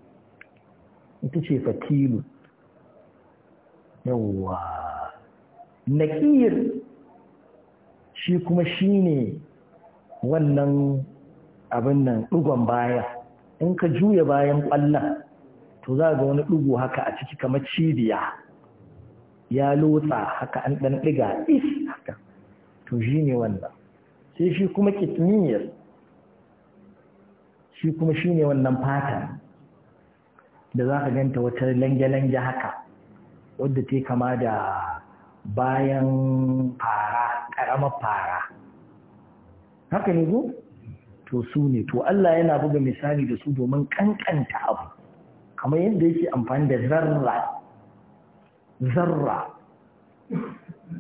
S1: ita ce fatilu yawwa naƙir shi kuma shi ne wannan abin nan ɗugon baya in ka juya bayan ƙwallon to za ga wani ɗugu haka a ciki kamar cibiya ya lotsa haka an ɗan ɗiga is haka to shi ne wannan sai shi kuma kitniyar. shi kuma shi ne wannan fata da za ka ganta wata lange-lange haka wadda ta kama da bayan fara ƙaramar fara haka ne go? to su ne to Allah yana buga misali da su domin ƙanƙanta abu kamar yadda yake amfani da zarra zarra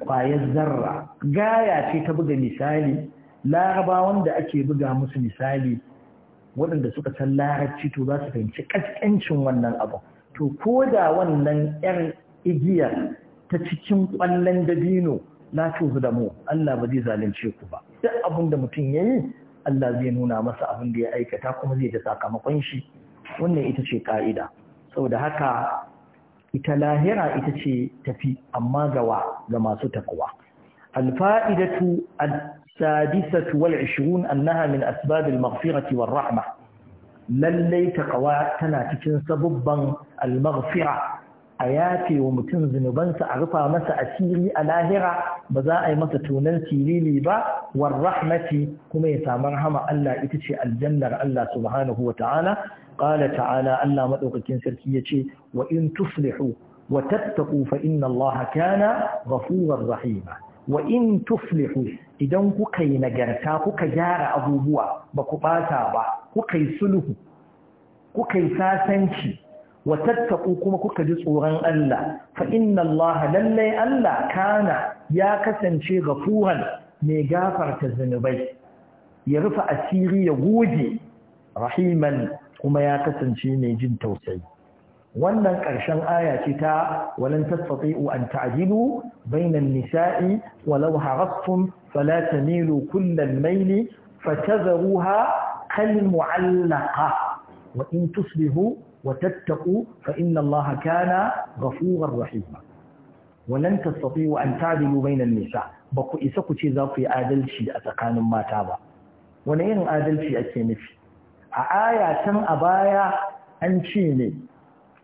S1: ƙwayar zarra gaya ce ta buga misali Laraba wanda ake buga musu misali waɗanda suka san larabci to za su fahimci ƙasƙancin wannan abu to ko da wannan 'yar igiyar ta cikin ƙwallon dabino na da mu. Allah ba zai zalunce ku ba duk abin da mutum yayi Allah zai nuna masa abin da ya aikata kuma zai da sakamakon shi wannan ita ce Sau saboda haka ita lahira ita ce tafi amma gawa ga masu takwa alfa'idatu السادسة والعشرون أنها من Rahma, lallai والرحمة للي tana cikin سببا المغفرة a yafe wa mutum zunubansa a rufa masa asiri a lahira ba za a yi masa tunan tilili ba war rahmati kuma ya samu rahama Allah ita ce aljannar Allah subhanahu wa ƙala ta'ala Allah maɗaukakin sarki yace wa in tuflihu wa tattaqu fa inna Allah kana ghafurar rahima wa in tuflihu idan kuka yi nagarta kuka gyara abubuwa ba ku bata ba kuka yi sulhu kuka yi sasanci wa tattaku kuma kuka ji tsoron Allah fa inna Allah lallai Allah kana ya kasance gafuran mai gafar ta zunubai ya rufe asiri ya goge rahiman kuma ya kasance mai jin tausayi wannan ƙarshen aya ce ta walan tastati'u an ta'jilu bainan nisa'i walau harastum fala tamilu kullal mayli fatadharuha kal mu'allaqa wa in tusbihu وتتقوا فإن الله كان غفورا رحيما ولن تستطيعوا أن تعدلوا بين النساء بقوا إسكوا تيزا في آدل شيء أتقان ما تابا ونين آدل شيء أتينفي آية تم أبايا أنشيني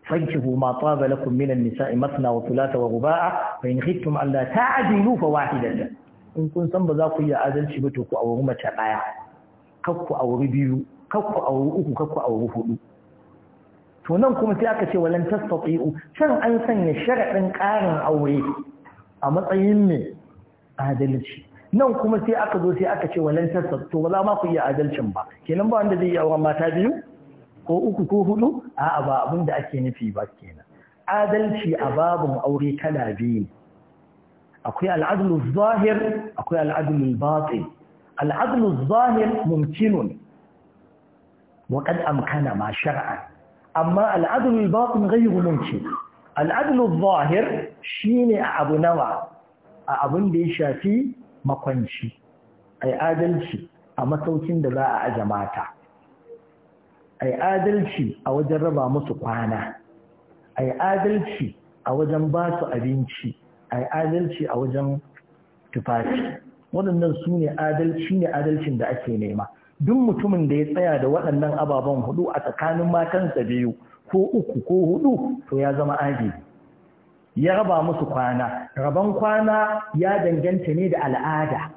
S1: فانكهوا ما طاب لكم من النساء مثنى وثلاث ورباع فإن خفتم أن لا تعدلوا فواحدة in kun san ba za ku yi adalci ba to ku auri mace daya kakku auri biyu kakku auri uku kakku auri hudu to nan kuma sai aka ce walan tastati'u can an sanya sharaɗin ƙarin aure a matsayin ne adalci nan kuma sai aka zo sai aka ce walan tastati'u to ba ma ku iya adalcin ba kenan ba wanda zai iya auren mata biyu ko uku ko hudu a'a ba abin da ake nufi ba kenan adalci a babin aure kala biyu akwai al'adlu zahir akwai al'adlu batsi. al'adlu zahir mumkinun wa qad amkana ma shar'an amma al'adul batin ghayru mumkin al'adul zahir shine a abu nawa a abin da ya shafi makwanci ai adalci a masaukin da za a aje mata ai adalci a wajen raba musu kwana ai adalci a wajen basu su abinci ai adalci a wajen tufafi waɗannan su ne adalci ne adalcin da ake nema duk mutumin da ya tsaya da waɗannan ababen hudu a tsakanin matansa biyu ko uku ko hudu to ya zama adili ya raba musu kwana raban kwana ya danganta ne da al'ada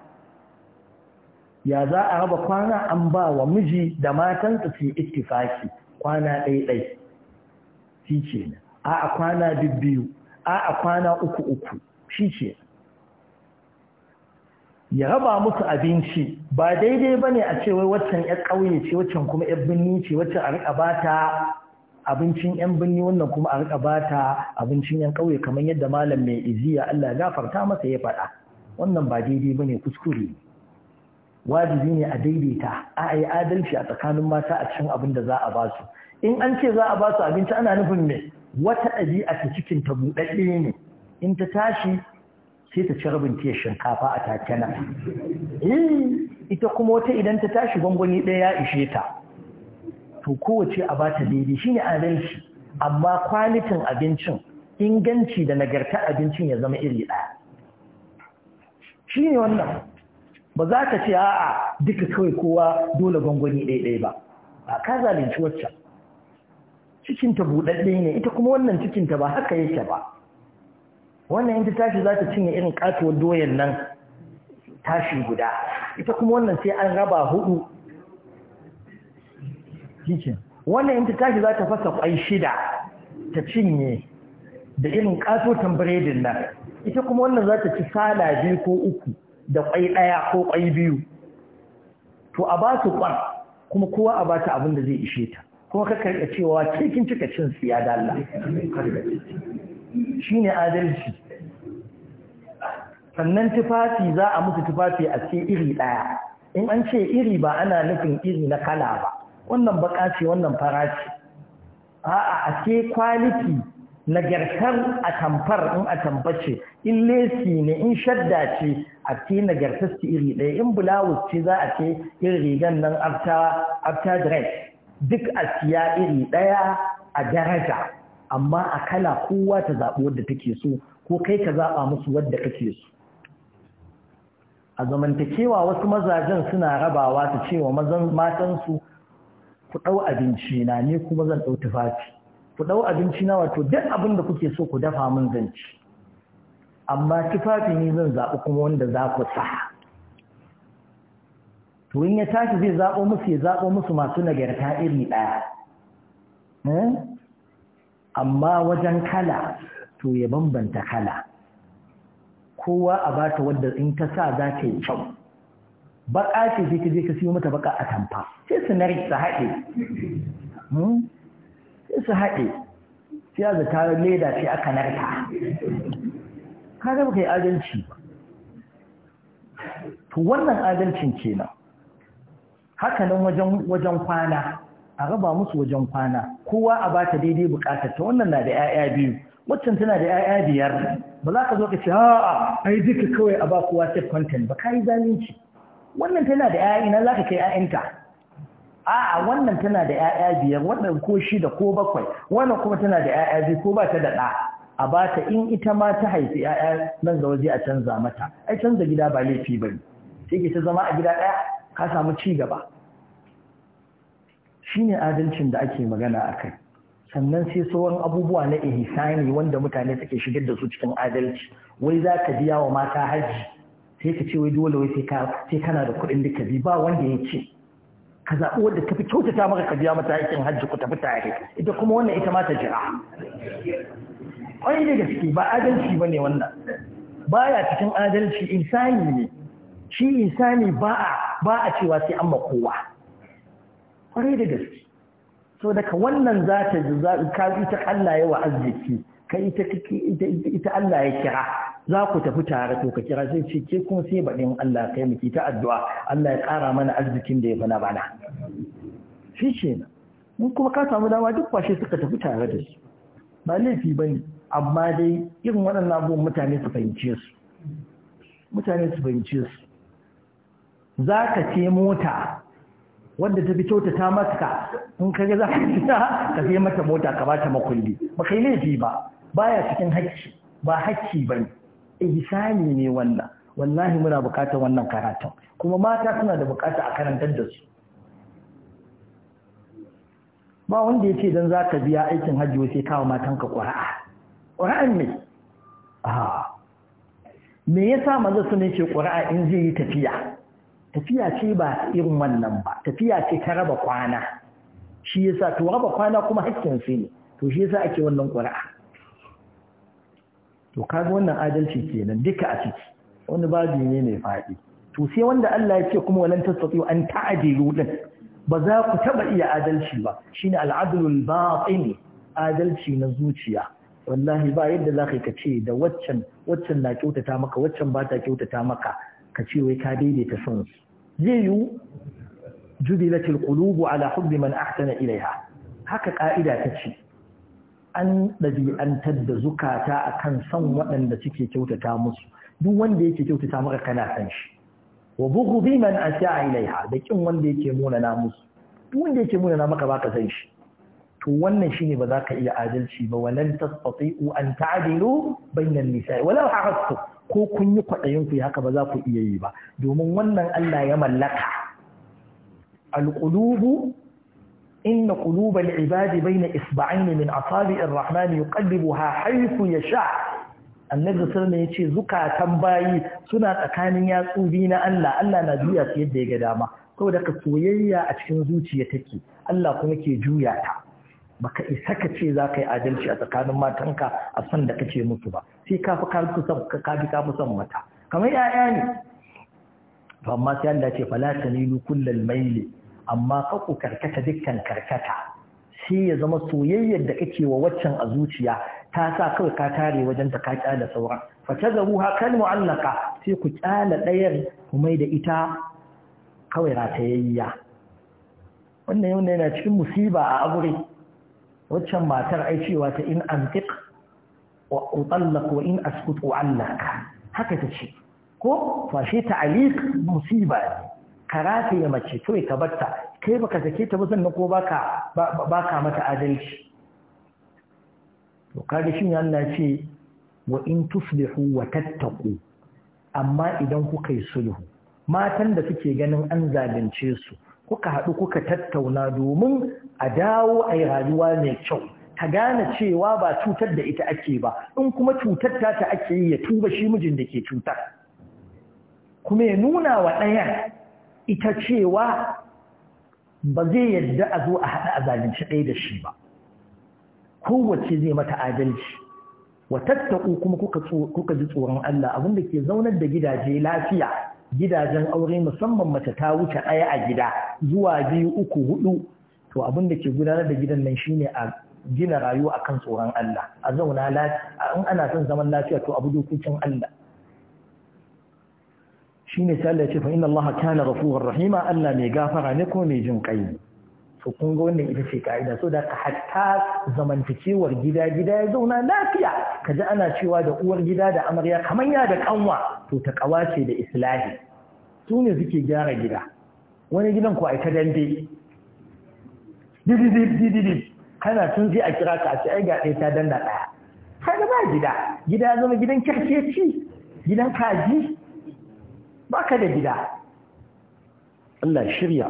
S1: ya za a raba kwana an ba wa miji da matansa su ittifaki kwana ɗaiɗai shi ce a'a kwana biyu a'a kwana uku uku shi ce ya raba musu abinci ba daidai ba ne a ce wai waccan ya ƙauye ce waccan kuma ya birni ce waccan a riƙa ba ta abincin 'yan birni wannan kuma a riƙa ba ta abincin 'yan ƙauye kamar yadda malam mai iziya Allah ya gafarta masa ya faɗa wannan ba daidai ba ne kuskure wajibi ne a daidaita a yi adalci a tsakanin mata a cikin abin da za a ba su in an ce za a ba su abinci ana nufin ne wata ɗabi'a ta cikin ta buɗaɗɗe ne in ta tashi sai ta ci rabin tiyar shinkafa a take nan eh, ita kuma wata idan ta tashi gwangwani ɗaya ya ishe ta to kowace a ba ta daidai shine adalci amma kwalitin abincin inganci da nagarta abincin ya zama iri ɗaya shine wannan ba za ka ce a duka kawai kowa dole gwangwani ɗaya ba a ka zalunci waccan cikinta buɗaɗɗe ne ita kuma wannan cikinta ba haka yake ba wannan in ta tashi za ta cinye irin katuwar doyan nan tashi guda ita kuma wannan sai an raba hudu wannan in ta tashi za ta fasa kwai shida ta cinye da irin katotan biredin nan ita kuma wannan za ta ci sada biyu ko uku da kwai ɗaya ko kwai biyu to a ba su kwan kuma kowa a ba ta abin da zai ishe ta kuma kakar da cewa cikin cika cin siya da Allah shine adalci sannan tufafi za a mutu tufafi a ce iri ɗaya in an ce iri ba ana nufin iri na kala ba wannan baka ce wannan fara ce a'a a ce kwaliti nagartar a tamfar in a tambace in lesi ne in shadda ce a ce nagartar su iri ɗaya in bulawus ce za a ce irin rigan nan after dress duk a siya iri ɗaya a daraja amma a kala kowa ta zaɓi wadda take so ko kai ka zaɓa musu wadda kake so a zamantakewa wasu mazajen suna rabawa ta cewa mazan matansu ku ɗau abinci na ne kuma zan ɗau tufafi ku ɗau abinci na wato duk abin da kuke so ku dafa min zan ci amma tufafi ne zan zaɓi kuma wanda za ku sa to in ya tashi zai zaɓo musu ya zaɓo musu masu nagarta iri ɗaya hmm? amma wajen kala to ya bambanta kala kowa a bata wadda in ta sa za ta yi kyau baka ce ka je ka siyo mata baka a tamfa sai su narki su haɗe hmm? sai su haɗe sai a zata leda sai aka narka ka ga kai yi adalci ba to wannan adalcin kenan haka nan wajen kwana a raba musu wajen kwana kowa a bata daidai bukatar ta wannan na da 'ya'ya biyu waccan tana da 'ya'ya biyar ba za ka zo ka ce a'a ai duka kawai a ba kowa ta content ba kai zalunci wannan tana da 'ya'ya ina za ka kai 'ya'yanta a'a wannan tana da 'ya'ya biyar wannan ko shi da ko bakwai wannan kuma tana da 'ya'ya biyu ko ba ta da ɗa a bata in ita ma ta haifi 'ya'ya nan da waje a canza mata ai canza gida ba laifi bane sai ke ta zama a gida ɗaya ka samu ci gaba shine adalcin da ake magana a kai sannan sai sauran abubuwa na ihsani wanda mutane suke shigar da su cikin adalci wai za ka biya wa mata haji sai ka ce wai dole wai sai kana da kuɗin da ka bi ba wanda ya ce ka zaɓi wanda ka fi kyautata maka ka biya mata aikin hajji ku tafi tare ita kuma wannan ita ma ta jira ƙwai da gaske ba adalci ba ne wannan baya cikin adalci insani ne shi insani ba a ba a cewa sai an ma kowa kwarai da gaske so daga wannan za ta ka ita Allah ya wa arziki ka ita ita Allah ya kira za ku tafi tare to ka kira sai ce ke kuma sai baɗin Allah kai miki ta addu'a Allah ya ƙara mana arzikin da ya bana bana shi ce mun kuma ka samu dama duk kwashe suka tafi tare da su ba laifi ba ne amma dai irin waɗannan abubuwan mutane su fahimce su mutane su fahimce su za ka ce mota wanda ta fito ta ta maka in ka ga za ka fita ka sai mata mota ka ba ta makulli ba kai laifi ba baya cikin hakki ba hakki ba ne ihsani ne wannan wallahi muna bukatar wannan karatun kuma mata suna da bukata a karantar da su ba wanda ya ce don za ka biya aikin hajji sai kawo matanka ƙura'a ƙura'an ne me ya sa maza su ne ce ƙura'a in zai yi tafiya tafiya ce ba irin wannan ba tafiya ce ta raba kwana shi yasa to raba kwana kuma hakkin su ne to shi yasa ake wannan ƙuri'a to kaga wannan adalci kenan duka a ciki wani babi ne mai faɗi to sai wanda Allah ya ce kuma walan tastati an ta'dilu din ba za ku taba iya adalci ba shine al'adlul batin adalci na zuciya wallahi ba yadda za ka ce da waccan waccan na kyautata maka waccan ba ta kyautata maka ka ce wai ka daidaita son su zai yiwu jubilatul qulubu ala hubbi man ahsana ilaiha haka ka'ida ta ce an ɗabi'antar da zukata akan san waɗanda suke kyautata musu duk wanda yake kyautata maka kana san shi wa bughdi man asha'a ilaiha da kin wanda yake munana musu duk wanda yake munana maka baka san shi to wannan shine ba za ka iya adalci ba walan tastati'u an ta'dilu bainan nisa'i walau haqqu ko kun yi kwaɗayin ku haka ba za ku iya yi ba domin wannan Allah ya mallaka alqulubu inna qulubal ibadi baina isba'ain min asabi'ir rahman yuqallibuha ya sha. annabi sallallahu ya ce, zukatan bayi suna tsakanin yatsu biyu na Allah Allah na juya su yadda ya ga dama saboda ka soyayya a cikin zuciya take Allah kuma ke juya ta baka isa ka ce za ka yi adalci a tsakanin matanka a son da kace musu ba sai ka fi kafi ka musan mata kamar ya'ya ne amma sai Allah ce fala tamilu kullal maili amma ka ku karkata dukkan karkata sai ya zama soyayyar da kake wa waccan a zuciya ta sa kawai ka tare wajen ta ka kyala sauran fa tazaru ha kal mu'allaka sai ku kyala dayar ku mai da ita kawai ratayayya wannan yau yana cikin musiba a aure waccan matar ai cewa ta in antiq wa utallaq wa in askut allaq haka ta ce ko fashe ta'aliq musiba ne ya mace to ka batta kai baka sake ta ba sannan ko baka baka mata adalci to kaga shin Allah ce wa in tuslihu wa tattaqu amma idan kuka yi sulhu matan da suke ganin an zalunce su kuka haɗu kuka tattauna domin a dawo a yi rayuwa mai kyau ta gane cewa ba cutar da ita ake ba in kuma cutar ta ta ake yi ya tuba shi mijin da ke cutar kuma ya nuna wa ɗayan ita cewa ba zai yadda a zo a haɗa a zalunci ɗaya da shi ba kowace zai mata adalci wa tattaku kuma kuka ji tsoron Allah abinda ke zaunar da gidaje lafiya gidajen aure musamman mace ta wuce ɗaya a gida zuwa biyu uku hudu to abin da ke gudanar da gidan nan shine a gina rayuwa akan tsoron Allah a zauna lafiya in ana son zaman lafiya to abu dokokin Allah shine sai ya ce fa inna Allah kana ghafurur rahima Allah mai gafara ne ko mai jin kai to kun ga wannan ita ce ka'ida so da ka hatta zamantakewar gida gida ya zauna lafiya ka ji ana cewa da uwar gida da amarya kamar ya da kanwa to ta kawa ce da islahi su ne suke gyara gida wani gidan ku ta dande dididididid kana tun je a kira ka a ce ai ga ɗaya ta danda ɗaya har ba gida gida zama gidan kyarkeci gidan kaji baka da gida Allah shirya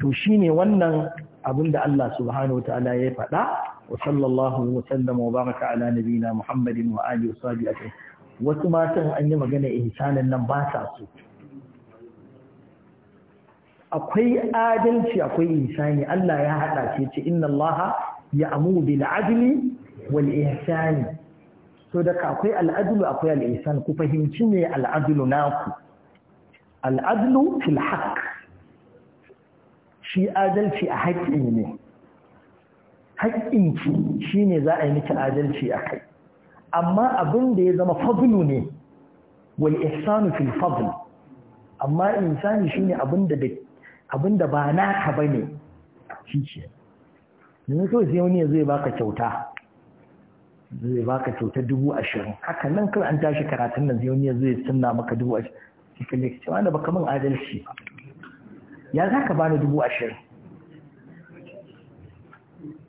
S1: to shine wannan abin da Allah subhanahu wataala ya faɗa wa sallallahu wa sallama wa baraka ala nabiyina Muhammadin wa alihi wa wasu matan an yi magana ihsanin nan ba sa akwai adalci akwai insani Allah ya haɗa ce ce inna Allah ya amu bil adli wal ihsani so da akwai al'adlu akwai al'ihsan ku fahimci ne al'adlu naku al'adlu fil haqq shi adalci a haƙƙi ne haƙƙinki shi ne za a yi miki adalci a kai amma abin da ya zama fadlu ne wal ihsanu fil fadl amma insani shine abin da abin da ba naka bane shi ce yanzu kawai sai wani zai baka kyauta zai baka kyauta dubu ashirin haka nan kawai an tashi karatun nan zai wani zai sunna maka dubu ashirin shi kalle ka ce wanda baka min adalci ba ya za ka bani dubu ashirin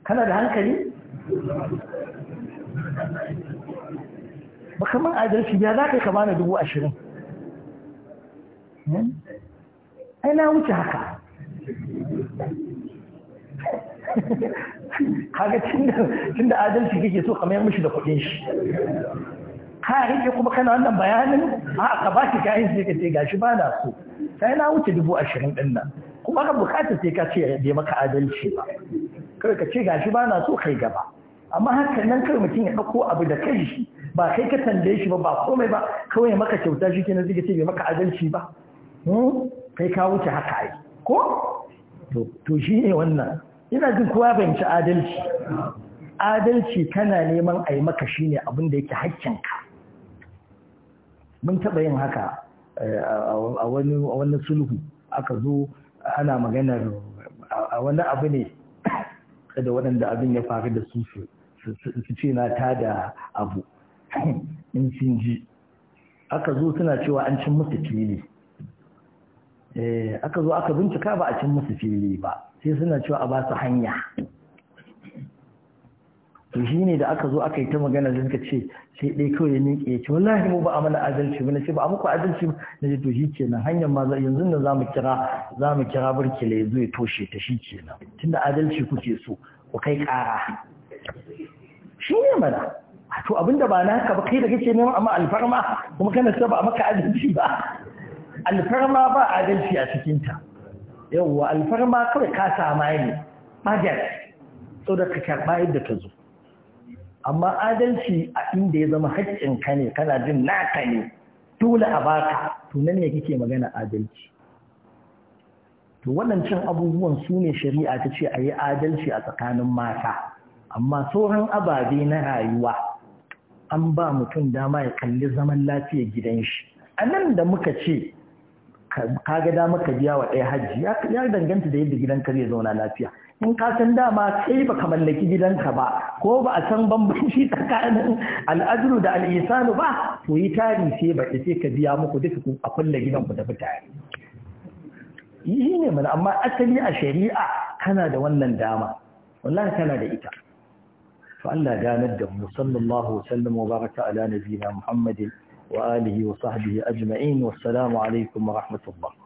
S1: kana da hankali ba kamar adalci ya za ka ka bani dubu ashirin hmm? ai na wuce haka (laughs) kaga tun da adalci kake so kamar mishi da kudin shi ka rike kuma kana wannan bayanin a ka ba shi kayan sai ka ce gashi ba na so sai na wuce dubu ashirin ɗin nan kuma ka bukata sai ka ce bai maka adalci ba kai ka ce gashi ba na so kai gaba amma hakan nan kai mutum ya ɗauko abu da kai shi ba kai ka tambaye shi ba ba komai ba kawai maka kyauta shi kenan zai ce bai maka adalci ba hmm? kai ka wuce haka ai ko to shi ne wannan ina jin kowa fahimci adalci adalci kana neman a yi maka shine abin da yake hakkinka mun taɓa yin haka eh, a wani sulhu aka zo ana maganar a wani abu ne (coughs) da waɗanda abin ya faru da su su ce na ta da abu (coughs) in sun ji aka zo suna cewa an cin musu fili eh, aka zo aka bincika ba a cin musu fili ba sai suna cewa a ba su hanya to shi ne da aka zo aka yi ta magana da suka ce sai ɗaya kawai ya miƙe ya ce wallahi mu ba a mana adalci ba na ce ba a muku adalci ba na ce to shi kenan hanyar ma yanzu da za mu kira za mu kira burkila ya zo ya toshe ta shi kenan tunda adalci kuke so ku kai ƙara shi ne mana to abinda ba na ba kai da kake neman amma alfarma kuma kana ba a maka adalci ba alfarma ba adalci a cikinta yawwa alfarma kawai ka sama ne da so da ka karɓa yadda ta zo amma adalci a inda ya zama haƙƙin ka ne kana jin naka ne dole a baka to nan ne kike magana adalci to waɗancan abubuwan su ne shari'a ta ce a yi adalci a tsakanin mata amma sauran ababe na rayuwa an ba mutum dama ya kalli zaman lafiyar gidan shi a nan da muka ce kaga ga dama ka biya wa ɗaya hajji ya danganta da yadda gidan ka zai zauna lafiya in ka san dama kai baka mallaki gidanka ba ko ba a san bambanci tsakanin al'adru da al'isanu ba to yi tari sai ba sai ka biya muku duka ku a kulle gidanku da mutane yi ne mana amma asali a shari'a kana da wannan dama wallah kana da ita to Allah ganar da mu sallallahu sallam wa baraka ala nabiyina Muhammadin wa alihi wa sahbihi ajma'in wassalamu alaikum wa rahmatullah